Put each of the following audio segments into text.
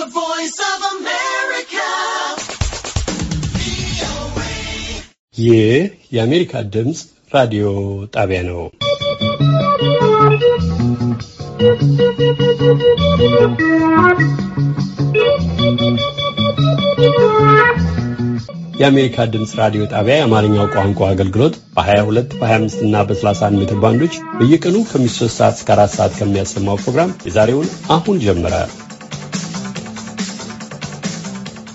The Voice of America. ይህ የአሜሪካ ድምፅ ራዲዮ ጣቢያ ነው። የአሜሪካ ድምፅ ራዲዮ ጣቢያ የአማርኛው ቋንቋ አገልግሎት በ22 በ25 እና በ31 ሜትር ባንዶች በየቀኑ ከ3 ሰዓት እስከ 4 ሰዓት ከሚያሰማው ፕሮግራም የዛሬውን አሁን ጀመረ።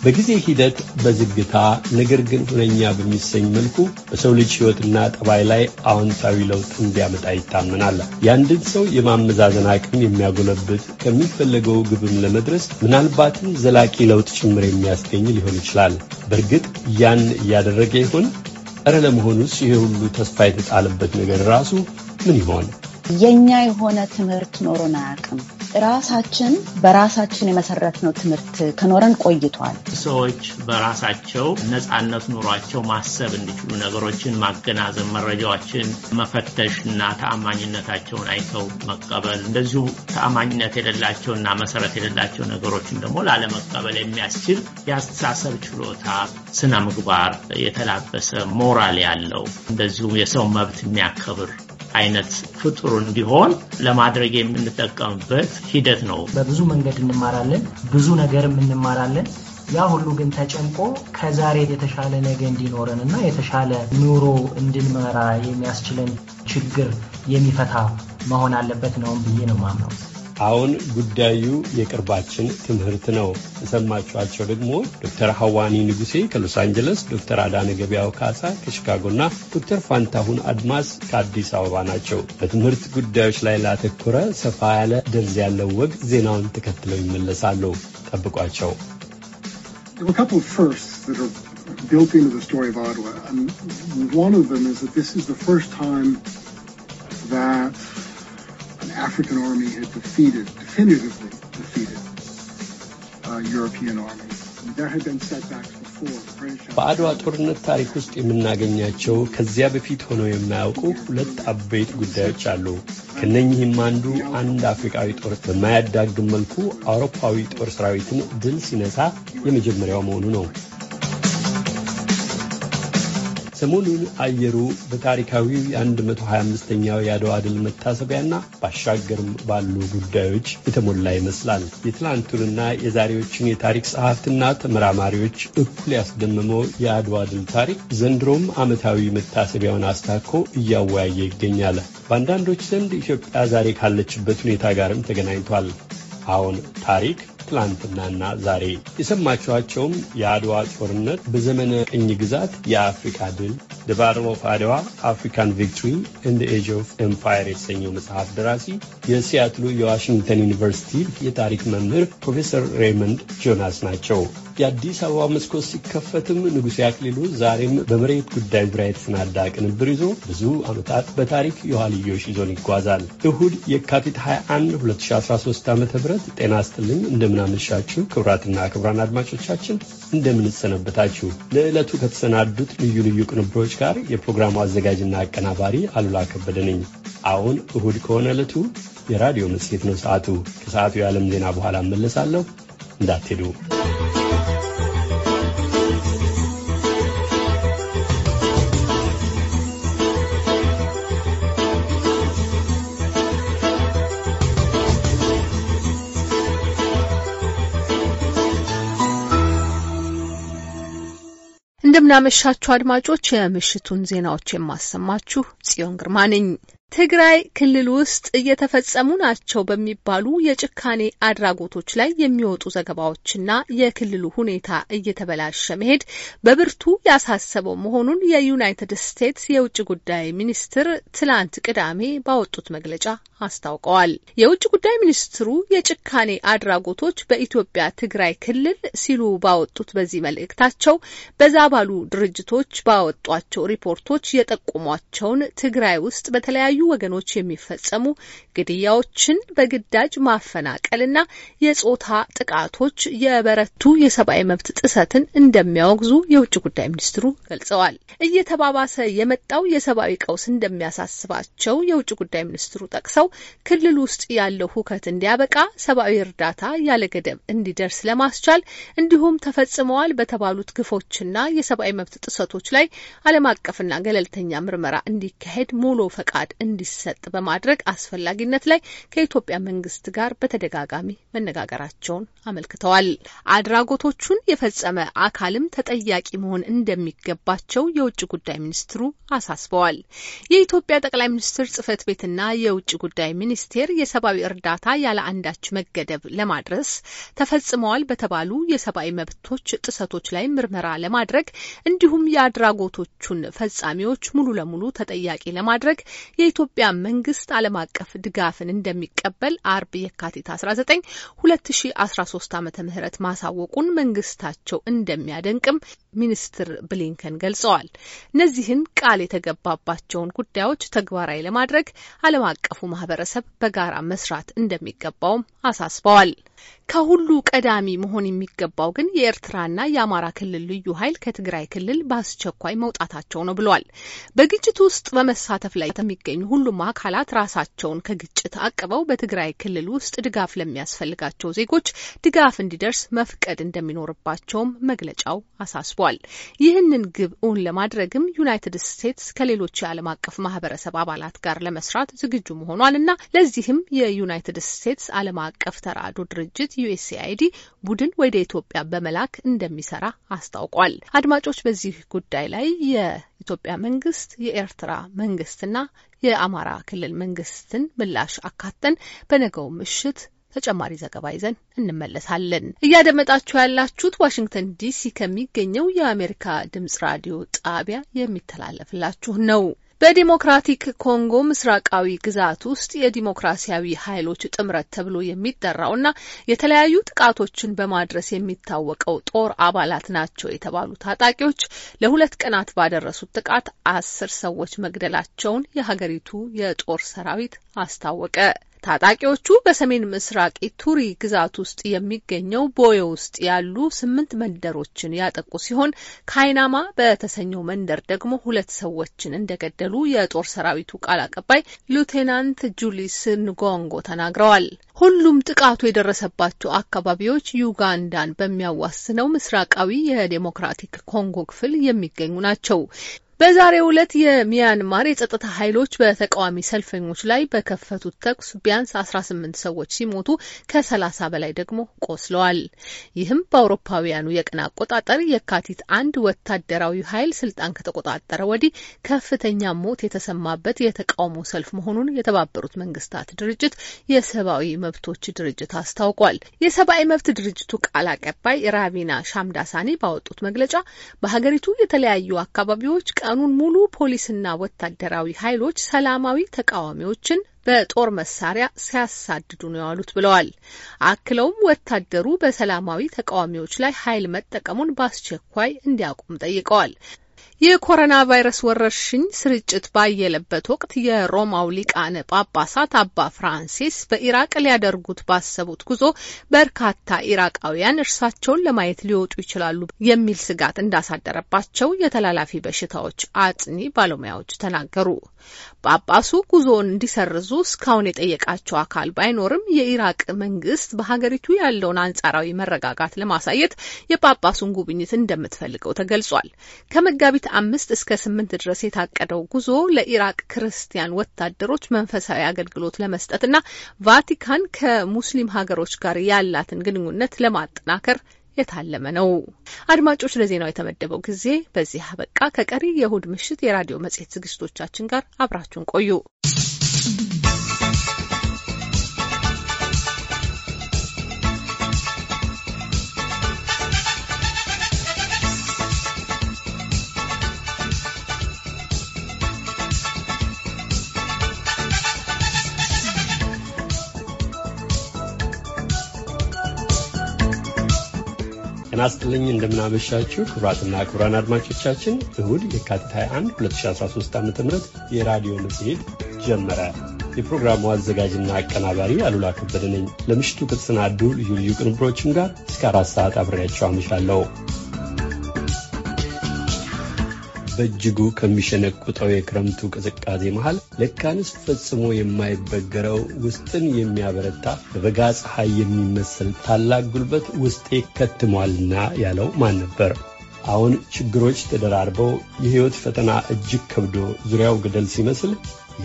በጊዜ ሂደት በዝግታ ነገር ግን ሁነኛ በሚሰኝ መልኩ በሰው ልጅ ሕይወትና ጠባይ ላይ አዎንታዊ ለውጥ እንዲያመጣ ይታመናል። የአንድን ሰው የማመዛዘን አቅም የሚያጎለብት ከሚፈለገው ግብም ለመድረስ ምናልባትም ዘላቂ ለውጥ ጭምር የሚያስገኝ ሊሆን ይችላል። በእርግጥ ያን እያደረገ ይሆን? እረ ለመሆኑስ ይሄ ሁሉ ተስፋ የተጣለበት ነገር ራሱ ምን ይሆን? የእኛ የሆነ ትምህርት ኖሮን አያውቅም። ራሳችን በራሳችን የመሰረትነው ትምህርት ከኖረን ቆይቷል። ሰዎች በራሳቸው ነፃነት ኑሯቸው ማሰብ እንዲችሉ ነገሮችን ማገናዘብ፣ መረጃዎችን መፈተሽ እና ተአማኝነታቸውን አይተው መቀበል እንደዚሁ ተአማኝነት የሌላቸውና መሰረት የሌላቸው ነገሮችን ደግሞ ላለመቀበል የሚያስችል የአስተሳሰብ ችሎታ፣ ስነ ምግባር የተላበሰ ሞራል ያለው እንደዚሁም የሰው መብት የሚያከብር አይነት ፍጡሩን እንዲሆን ለማድረግ የምንጠቀምበት ሂደት ነው። በብዙ መንገድ እንማራለን፣ ብዙ ነገርም እንማራለን። ያ ሁሉ ግን ተጨምቆ ከዛሬ የተሻለ ነገ እንዲኖረን እና የተሻለ ኑሮ እንድንመራ የሚያስችለን ችግር የሚፈታ መሆን አለበት ነው ብዬ ነው ማምነው። አሁን ጉዳዩ የቅርባችን ትምህርት ነው። የሰማችኋቸው ደግሞ ዶክተር ሐዋኒ ንጉሴ ከሎስ አንጀለስ፣ ዶክተር አዳነ ገበያው ካሳ እና ዶክተር ፋንታሁን አድማስ ከአዲስ አበባ ናቸው። በትምህርት ጉዳዮች ላይ ላተኮረ ሰፋ ያለ ደርዝ ያለው ወግ ዜናውን ተከትለው ይመለሳሉ። ጠብቋቸው። That African army had defeated, definitively defeated, uh, European army. There had been setbacks በአድዋ ጦርነት ታሪክ ውስጥ የምናገኛቸው ከዚያ በፊት ሆነው የማያውቁ ሁለት አበይት ጉዳዮች አሉ። ከነኚህም አንዱ አንድ አፍሪካዊ ጦር በማያዳግም መልኩ አውሮፓዊ ጦር ሰራዊትን ድል ሲነሳ የመጀመሪያው መሆኑ ነው። ሰሞኑን አየሩ በታሪካዊው የ125ኛው የአድዋ ድል መታሰቢያና ባሻገርም ባሉ ጉዳዮች የተሞላ ይመስላል። የትላንቱንና የዛሬዎችን የታሪክ ጸሐፍትና ተመራማሪዎች እኩል ያስደመመው የአድዋ ድል ታሪክ ዘንድሮም ዓመታዊ መታሰቢያውን አስታኮ እያወያየ ይገኛል። በአንዳንዶች ዘንድ ኢትዮጵያ ዛሬ ካለችበት ሁኔታ ጋርም ተገናኝቷል። አሁን ታሪክ ትላንትናና ዛሬ የሰማችኋቸውም የአድዋ ጦርነት በዘመነ ቅኝ ግዛት የአፍሪካ ድል ደ ባትል ኦፍ አድዋ አፍሪካን ቪክትሪ ኢን ዘ ኤጅ ኦፍ ኤምፓየር የተሰኘው መጽሐፍ ደራሲ የሲያትሉ የዋሽንግተን ዩኒቨርሲቲ የታሪክ መምህር ፕሮፌሰር ሬይመንድ ጆናስ ናቸው። የአዲስ አበባ መስኮት ሲከፈትም ንጉሴ አክሊሉ ዛሬም በመሬት ጉዳይ ዙሪያ የተሰናዳ ቅንብር ይዞ ብዙ ዓመታት በታሪክ የኋልዮሽ ይዞን ይጓዛል። እሁድ የካቲት 21 2013 ዓ ም ጤና ስጥልን እንደምናመሻችሁ ክቡራትና ክቡራን አድማጮቻችን እንደምንሰነበታችሁ። ለዕለቱ ከተሰናዱት ልዩ ልዩ ቅንብሮች ከዜናዎች ጋር የፕሮግራሙ አዘጋጅና አቀናባሪ አሉላ ከበደ ነኝ። አሁን እሁድ ከሆነ ዕለቱ የራዲዮ መጽሔት ነው። ሰዓቱ ከሰዓቱ የዓለም ዜና በኋላ እመለሳለሁ። እንዳትሄዱ። እንደምናመሻችሁ አድማጮች፣ የምሽቱን ዜናዎች የማሰማችሁ ጽዮን ግርማ ነኝ። ትግራይ ክልል ውስጥ እየተፈጸሙ ናቸው በሚባሉ የጭካኔ አድራጎቶች ላይ የሚወጡ ዘገባዎችና የክልሉ ሁኔታ እየተበላሸ መሄድ በብርቱ ያሳሰበው መሆኑን የዩናይትድ ስቴትስ የውጭ ጉዳይ ሚኒስትር ትላንት ቅዳሜ ባወጡት መግለጫ አስታውቀዋል። የውጭ ጉዳይ ሚኒስትሩ የጭካኔ አድራጎቶች በኢትዮጵያ ትግራይ ክልል ሲሉ ባወጡት በዚህ መልእክታቸው በዛ ባሉ ድርጅቶች ባወጧቸው ሪፖርቶች የጠቁሟቸውን ትግራይ ውስጥ በተለያዩ በተለያዩ ወገኖች የሚፈጸሙ ግድያዎችን፣ በግዳጅ ማፈናቀልና የጾታ ጥቃቶች የበረቱ የሰብአዊ መብት ጥሰትን እንደሚያወግዙ የውጭ ጉዳይ ሚኒስትሩ ገልጸዋል። እየተባባሰ የመጣው የሰብአዊ ቀውስ እንደሚያሳስባቸው የውጭ ጉዳይ ሚኒስትሩ ጠቅሰው ክልል ውስጥ ያለው ሁከት እንዲያበቃ ሰብአዊ እርዳታ ያለ ገደብ እንዲደርስ ለማስቻል እንዲሁም ተፈጽመዋል በተባሉት ግፎችና የሰብአዊ መብት ጥሰቶች ላይ ዓለም አቀፍና ገለልተኛ ምርመራ እንዲካሄድ ሙሉ ፈቃድ እንዲሰጥ በማድረግ አስፈላጊነት ላይ ከኢትዮጵያ መንግስት ጋር በተደጋጋሚ መነጋገራቸውን አመልክተዋል። አድራጎቶቹን የፈጸመ አካልም ተጠያቂ መሆን እንደሚገባቸው የውጭ ጉዳይ ሚኒስትሩ አሳስበዋል። የኢትዮጵያ ጠቅላይ ሚኒስትር ጽህፈት ቤትና የውጭ ጉዳይ ሚኒስቴር የሰብአዊ እርዳታ ያለ አንዳች መገደብ ለማድረስ ተፈጽመዋል በተባሉ የሰብአዊ መብቶች ጥሰቶች ላይ ምርመራ ለማድረግ እንዲሁም የአድራጎቶቹን ፈጻሚዎች ሙሉ ለሙሉ ተጠያቂ ለማድረግ የኢትዮጵያ መንግስት ዓለም አቀፍ ድጋፍን እንደሚቀበል አርብ የካቲት 19 2013 ዓ ም ማሳወቁን መንግስታቸው እንደሚያደንቅም ሚኒስትር ብሊንከን ገልጸዋል። እነዚህን ቃል የተገባባቸውን ጉዳዮች ተግባራዊ ለማድረግ ዓለም አቀፉ ማህበረሰብ በጋራ መስራት እንደሚገባውም አሳስበዋል። ከሁሉ ቀዳሚ መሆን የሚገባው ግን የኤርትራና የአማራ ክልል ልዩ ኃይል ከትግራይ ክልል በአስቸኳይ መውጣታቸው ነው ብሏል። በግጭቱ ውስጥ በመሳተፍ ላይ የሚገኙ ሁሉም አካላት ራሳቸውን ከግጭት አቅበው በትግራይ ክልል ውስጥ ድጋፍ ለሚያስፈልጋቸው ዜጎች ድጋፍ እንዲደርስ መፍቀድ እንደሚኖርባቸውም መግለጫው አሳስቧል። ይህንን ግብ እውን ለማድረግም ዩናይትድ ስቴትስ ከሌሎች የዓለም አቀፍ ማህበረሰብ አባላት ጋር ለመስራት ዝግጁ መሆኗን እና ለዚህም የዩናይትድ ስቴትስ ዓለም አቀፍ ተራድኦ ድርጅት ድርጅት ዩኤስኤአይዲ ቡድን ወደ ኢትዮጵያ በመላክ እንደሚሰራ አስታውቋል። አድማጮች በዚህ ጉዳይ ላይ የኢትዮጵያ መንግስት፣ የኤርትራ መንግስትና የአማራ ክልል መንግስትን ምላሽ አካተን በነገው ምሽት ተጨማሪ ዘገባ ይዘን እንመለሳለን። እያደመጣችሁ ያላችሁት ዋሽንግተን ዲሲ ከሚገኘው የአሜሪካ ድምጽ ራዲዮ ጣቢያ የሚተላለፍላችሁ ነው። በዲሞክራቲክ ኮንጎ ምስራቃዊ ግዛት ውስጥ የዲሞክራሲያዊ ኃይሎች ጥምረት ተብሎ የሚጠራው እና የተለያዩ ጥቃቶችን በማድረስ የሚታወቀው ጦር አባላት ናቸው የተባሉ ታጣቂዎች ለሁለት ቀናት ባደረሱት ጥቃት አስር ሰዎች መግደላቸውን የሀገሪቱ የጦር ሰራዊት አስታወቀ። ታጣቂዎቹ በሰሜን ምስራቅ ቱሪ ግዛት ውስጥ የሚገኘው ቦዮ ውስጥ ያሉ ስምንት መንደሮችን ያጠቁ ሲሆን ካይናማ በተሰኘው መንደር ደግሞ ሁለት ሰዎችን እንደገደሉ የጦር ሰራዊቱ ቃል አቀባይ ሉቴናንት ጁሊስ ንጎንጎ ተናግረዋል። ሁሉም ጥቃቱ የደረሰባቸው አካባቢዎች ዩጋንዳን በሚያዋስነው ምስራቃዊ የዴሞክራቲክ ኮንጎ ክፍል የሚገኙ ናቸው። በዛሬው ዕለት የሚያንማር የጸጥታ ኃይሎች በተቃዋሚ ሰልፈኞች ላይ በከፈቱት ተኩስ ቢያንስ አስራ ስምንት ሰዎች ሲሞቱ ከሰላሳ በላይ ደግሞ ቆስለዋል። ይህም በአውሮፓውያኑ የቀን አቆጣጠር የካቲት አንድ ወታደራዊ ኃይል ስልጣን ከተቆጣጠረ ወዲህ ከፍተኛ ሞት የተሰማበት የተቃውሞ ሰልፍ መሆኑን የተባበሩት መንግስታት ድርጅት የሰብአዊ መብቶች ድርጅት አስታውቋል። የሰብአዊ መብት ድርጅቱ ቃል አቀባይ ራቪና ሻምዳሳኒ ባወጡት መግለጫ በሀገሪቱ የተለያዩ አካባቢዎች ቀኑን ሙሉ ፖሊስና ወታደራዊ ኃይሎች ሰላማዊ ተቃዋሚዎችን በጦር መሳሪያ ሲያሳድዱ ነው ያሉት ብለዋል። አክለውም ወታደሩ በሰላማዊ ተቃዋሚዎች ላይ ኃይል መጠቀሙን በአስቸኳይ እንዲያቆም ጠይቀዋል። የኮሮና ቫይረስ ወረርሽኝ ስርጭት ባየለበት ወቅት የሮማው ሊቃነ ጳጳሳት አባ ፍራንሲስ በኢራቅ ሊያደርጉት ባሰቡት ጉዞ በርካታ ኢራቃውያን እርሳቸውን ለማየት ሊወጡ ይችላሉ የሚል ስጋት እንዳሳደረባቸው የተላላፊ በሽታዎች አጥኒ ባለሙያዎች ተናገሩ። ጳጳሱ ጉዞውን እንዲሰርዙ እስካሁን የጠየቃቸው አካል ባይኖርም የኢራቅ መንግስት በሀገሪቱ ያለውን አንጻራዊ መረጋጋት ለማሳየት የጳጳሱን ጉብኝት እንደምትፈልገው ተገልጿል። ከመጋቢት ከየካቲት አምስት እስከ ስምንት ድረስ የታቀደው ጉዞ ለኢራቅ ክርስቲያን ወታደሮች መንፈሳዊ አገልግሎት ለመስጠትና ቫቲካን ከሙስሊም ሀገሮች ጋር ያላትን ግንኙነት ለማጠናከር የታለመ ነው። አድማጮች፣ ለዜናው የተመደበው ጊዜ በዚህ አበቃ። ከቀሪ የእሁድ ምሽት የራዲዮ መጽሔት ዝግጅቶቻችን ጋር አብራችሁን ቆዩ። ጤና ስጥልኝ። እንደምናመሻችሁ ክቡራትና ክቡራን አድማጮቻችን እሁድ የካቲት 21 2013 ዓ ም የራዲዮ መጽሔት ጀመረ። የፕሮግራሙ አዘጋጅና አቀናባሪ አሉላ ከበደ ነኝ። ለምሽቱ ከተሰናዱ ልዩ ልዩ ቅንብሮችም ጋር እስከ አራት ሰዓት አብሬያቸው አመሻለሁ። በእጅጉ ከሚሸነቁጠው የክረምቱ ቅዝቃዜ መሃል ለካንስ ፈጽሞ የማይበገረው ውስጥን የሚያበረታ በበጋ ፀሐይ የሚመስል ታላቅ ጉልበት ውስጤ ከትሟልና ያለው ማን ነበር? አሁን ችግሮች ተደራርበው የሕይወት ፈተና እጅግ ከብዶ ዙሪያው ገደል ሲመስል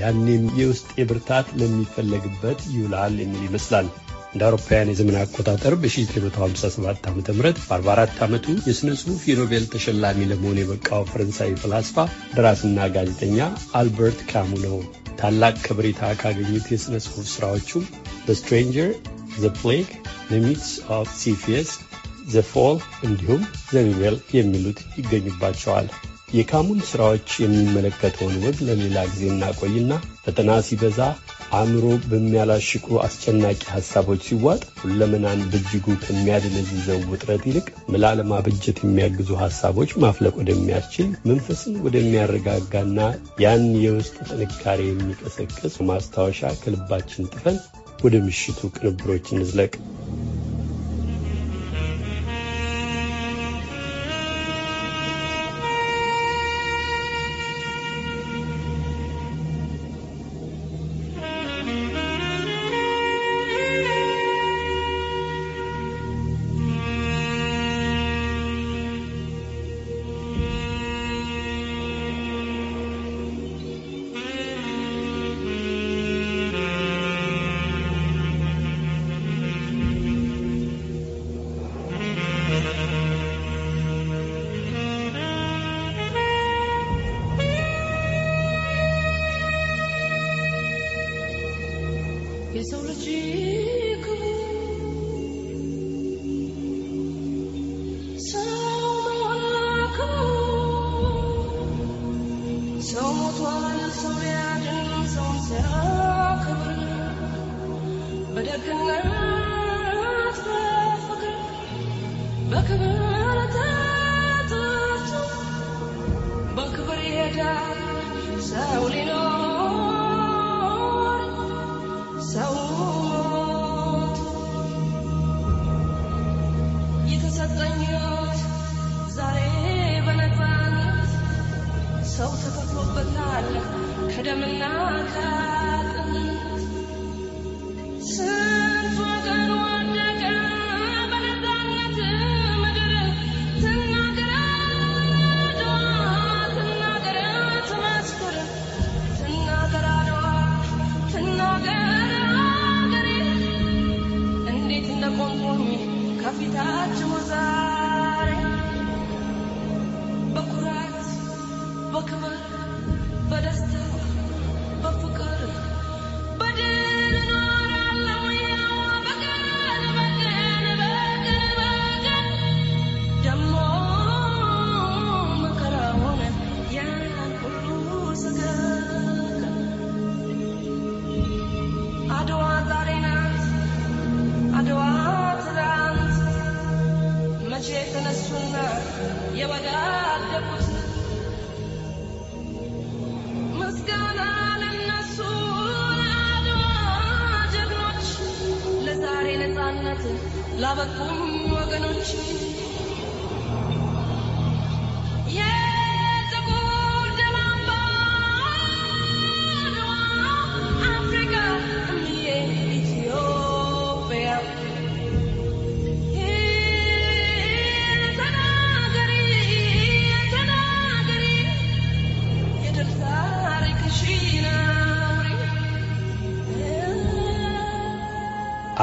ያኔም የውስጤ ብርታት ለሚፈለግበት ይውላል የሚል ይመስላል። እንደ አውሮፓውያን የዘመን አቆጣጠር በ1957 ዓ ም በ44 ዓመቱ የሥነ ጽሑፍ የኖቤል ተሸላሚ ለመሆን የበቃው ፈረንሳዊ ፈላስፋ ደራስና ጋዜጠኛ አልበርት ካሙ ነው። ታላቅ ከብሬታ ካገኙት የሥነ ጽሑፍ ሥራዎቹም ዘ ስትሬንጀር፣ ዘ ፕሌግ፣ ዘ ሚትስ ኦፍ ሲፊየስ፣ ዘ ፎል እንዲሁም ዘ የሚሉት ይገኙባቸዋል። የካሙን ሥራዎች የሚመለከተውን ወግ ለሌላ ጊዜ እናቆይና ፈተና ሲበዛ አእምሮ በሚያላሽቁ አስጨናቂ ሀሳቦች ሲዋጥ ሁለመናን በእጅጉ ከሚያደነዝዘው ውጥረት ይልቅ ምላ ለማበጀት የሚያግዙ ሀሳቦች ማፍለቅ ወደሚያስችል መንፈስን ወደሚያረጋጋና ያን የውስጥ ጥንካሬ የሚቀሰቅስ ማስታወሻ ከልባችን ጥፈን ወደ ምሽቱ ቅንብሮች እንዝለቅ።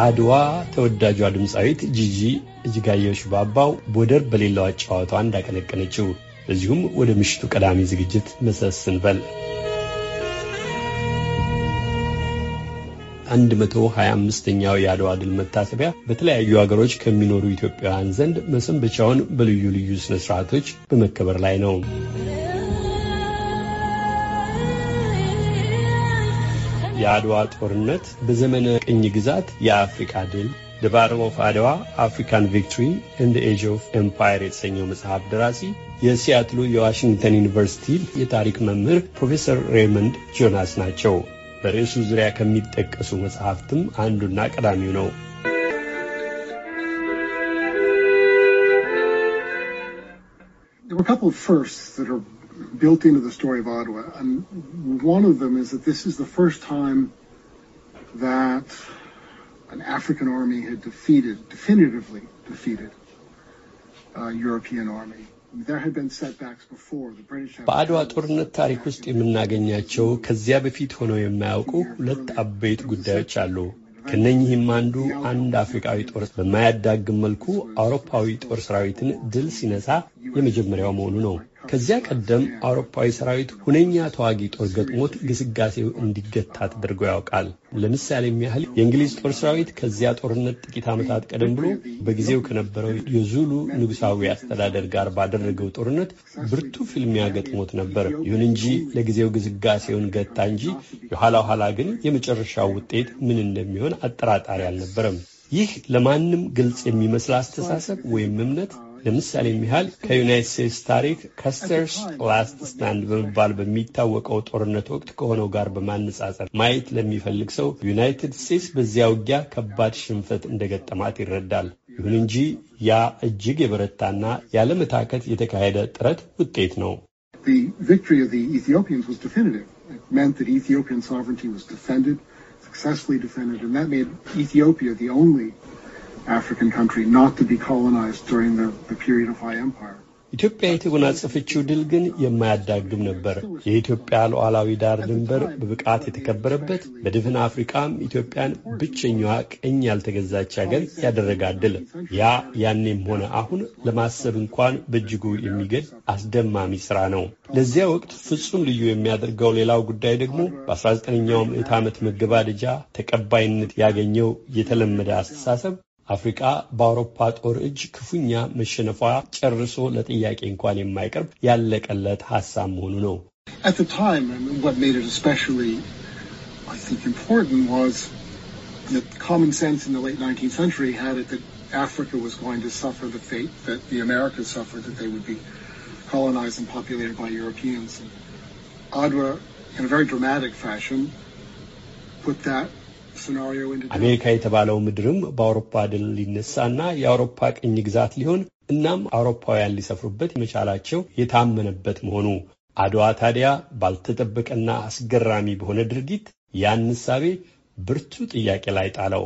የአድዋ ተወዳጇ ድምፃዊት ጂጂ እጅጋየሁ ሽባባው ቦደር በሌለው አጫዋቷ እንዳቀነቀነችው በዚሁም ወደ ምሽቱ ቀዳሚ ዝግጅት መሰስ ስንበል 125ኛው የአድዋ ድል መታሰቢያ በተለያዩ ሀገሮች ከሚኖሩ ኢትዮጵያውያን ዘንድ መሰንበቻውን በልዩ ልዩ ስነስርዓቶች በመከበር ላይ ነው። የአድዋ ጦርነት በዘመነ ቅኝ ግዛት የአፍሪካ ድል ዘ ባትል ኦፍ አድዋ አፍሪካን ቪክቶሪ ኢን ኤጅ ኦፍ ኤምፓየር የተሰኘው መጽሐፍ ደራሲ የሲያትሉ የዋሽንግተን ዩኒቨርሲቲ የታሪክ መምህር ፕሮፌሰር ሬይመንድ ጆናስ ናቸው። በርዕሱ ዙሪያ ከሚጠቀሱ መጽሐፍትም አንዱና ቀዳሚው ነው። There were a couple of firsts that are built into the story of Ottawa. And one of them is that this is the first time that an African army had defeated, definitively defeated, a European army. በአድዋ ጦርነት ታሪክ ውስጥ የምናገኛቸው ከዚያ በፊት ሆነው የማያውቁ ሁለት አበይት ጉዳዮች አሉ። ከነኚህም አንዱ አንድ አፍሪካዊ ጦር በማያዳግም መልኩ አውሮፓዊ ጦር ሰራዊትን ድል ሲነሳ የመጀመሪያው መሆኑ ነው። ከዚያ ቀደም አውሮፓዊ ሰራዊት ሁነኛ ተዋጊ ጦር ገጥሞት ግስጋሴው እንዲገታ ተደርጎ ያውቃል። ለምሳሌም ያህል የእንግሊዝ ጦር ሰራዊት ከዚያ ጦርነት ጥቂት ዓመታት ቀደም ብሎ በጊዜው ከነበረው የዙሉ ንጉሳዊ አስተዳደር ጋር ባደረገው ጦርነት ብርቱ ፍልሚያ ገጥሞት ነበር። ይሁን እንጂ ለጊዜው ግስጋሴውን ገታ እንጂ የኋላ ኋላ ግን የመጨረሻው ውጤት ምን እንደሚሆን አጠራጣሪ አልነበረም። ይህ ለማንም ግልጽ የሚመስል አስተሳሰብ ወይም እምነት ለምሳሌ የሚያህል ከዩናይት ስቴትስ ታሪክ ከስተርስ ላስት ስታንድ በመባል በሚታወቀው ጦርነት ወቅት ከሆነው ጋር በማነጻጸር ማየት ለሚፈልግ ሰው ዩናይትድ ስቴትስ በዚያ ውጊያ ከባድ ሽንፈት እንደገጠማት ይረዳል። ይሁን እንጂ ያ እጅግ የበረታና ያለመታከት የተካሄደ ጥረት ውጤት ነው። ኢትዮጵያን African country not to be colonized during the, the period of high empire. ኢትዮጵያ የተጎናጸፈችው ድል ግን የማያዳግም ነበር። የኢትዮጵያ ሉዓላዊ ዳር ድንበር በብቃት የተከበረበት በድፍን አፍሪካም ኢትዮጵያን ብቸኛዋ ቀኝ ያልተገዛች ሀገር ያደረጋት ድል ያ ያኔም ሆነ አሁን ለማሰብ እንኳን በእጅጉ የሚገድ አስደማሚ ስራ ነው። ለዚያ ወቅት ፍጹም ልዩ የሚያደርገው ሌላው ጉዳይ ደግሞ በ19ኛው ምዕት ዓመት መገባደጃ ተቀባይነት ያገኘው የተለመደ አስተሳሰብ At the time, what made it especially, I think, important was እጅ common sense in the late 19th century had it that Africa was going to suffer the fate that the Americas suffered, that they would be colonized and populated by Europeans. Adwa, in a very dramatic fashion, put that አሜሪካ የተባለው ምድርም በአውሮፓ ድል ሊነሳና የአውሮፓ ቅኝ ግዛት ሊሆን እናም አውሮፓውያን ሊሰፍሩበት መቻላቸው የታመነበት መሆኑ አድዋ ታዲያ ባልተጠበቀና አስገራሚ በሆነ ድርጊት ያን ሳቤ ብርቱ ጥያቄ ላይ ጣለው።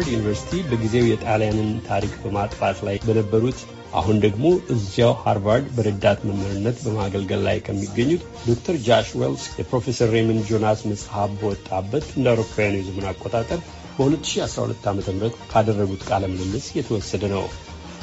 ሃርቫርድ ዩኒቨርሲቲ በጊዜው የጣሊያንን ታሪክ በማጥፋት ላይ በነበሩት አሁን ደግሞ እዚያው ሃርቫርድ በረዳት መምህርነት በማገልገል ላይ ከሚገኙት ዶክተር ጃሽ ዌልስ የፕሮፌሰር ሬመንድ ጆናስ መጽሐፍ በወጣበት እንደ አውሮፓውያኑ የዘመን አቆጣጠር በ2012 ዓ ም ካደረጉት ቃለ ምልልስ የተወሰደ ነው።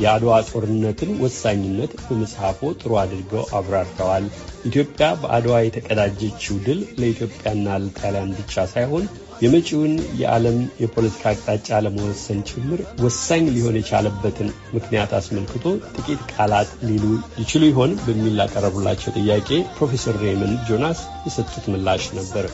የአድዋ ጦርነትን ወሳኝነት በመጽሐፎ ጥሩ አድርገው አብራርተዋል። ኢትዮጵያ በአድዋ የተቀዳጀችው ድል ለኢትዮጵያና ለጣሊያን ብቻ ሳይሆን የመጪውን የዓለም የፖለቲካ አቅጣጫ ለመወሰን ጭምር ወሳኝ ሊሆን የቻለበትን ምክንያት አስመልክቶ ጥቂት ቃላት ሊሉ ይችሉ ይሆን በሚል ላቀረቡላቸው ጥያቄ ፕሮፌሰር ሬይመንድ ጆናስ የሰጡት ምላሽ ነበር።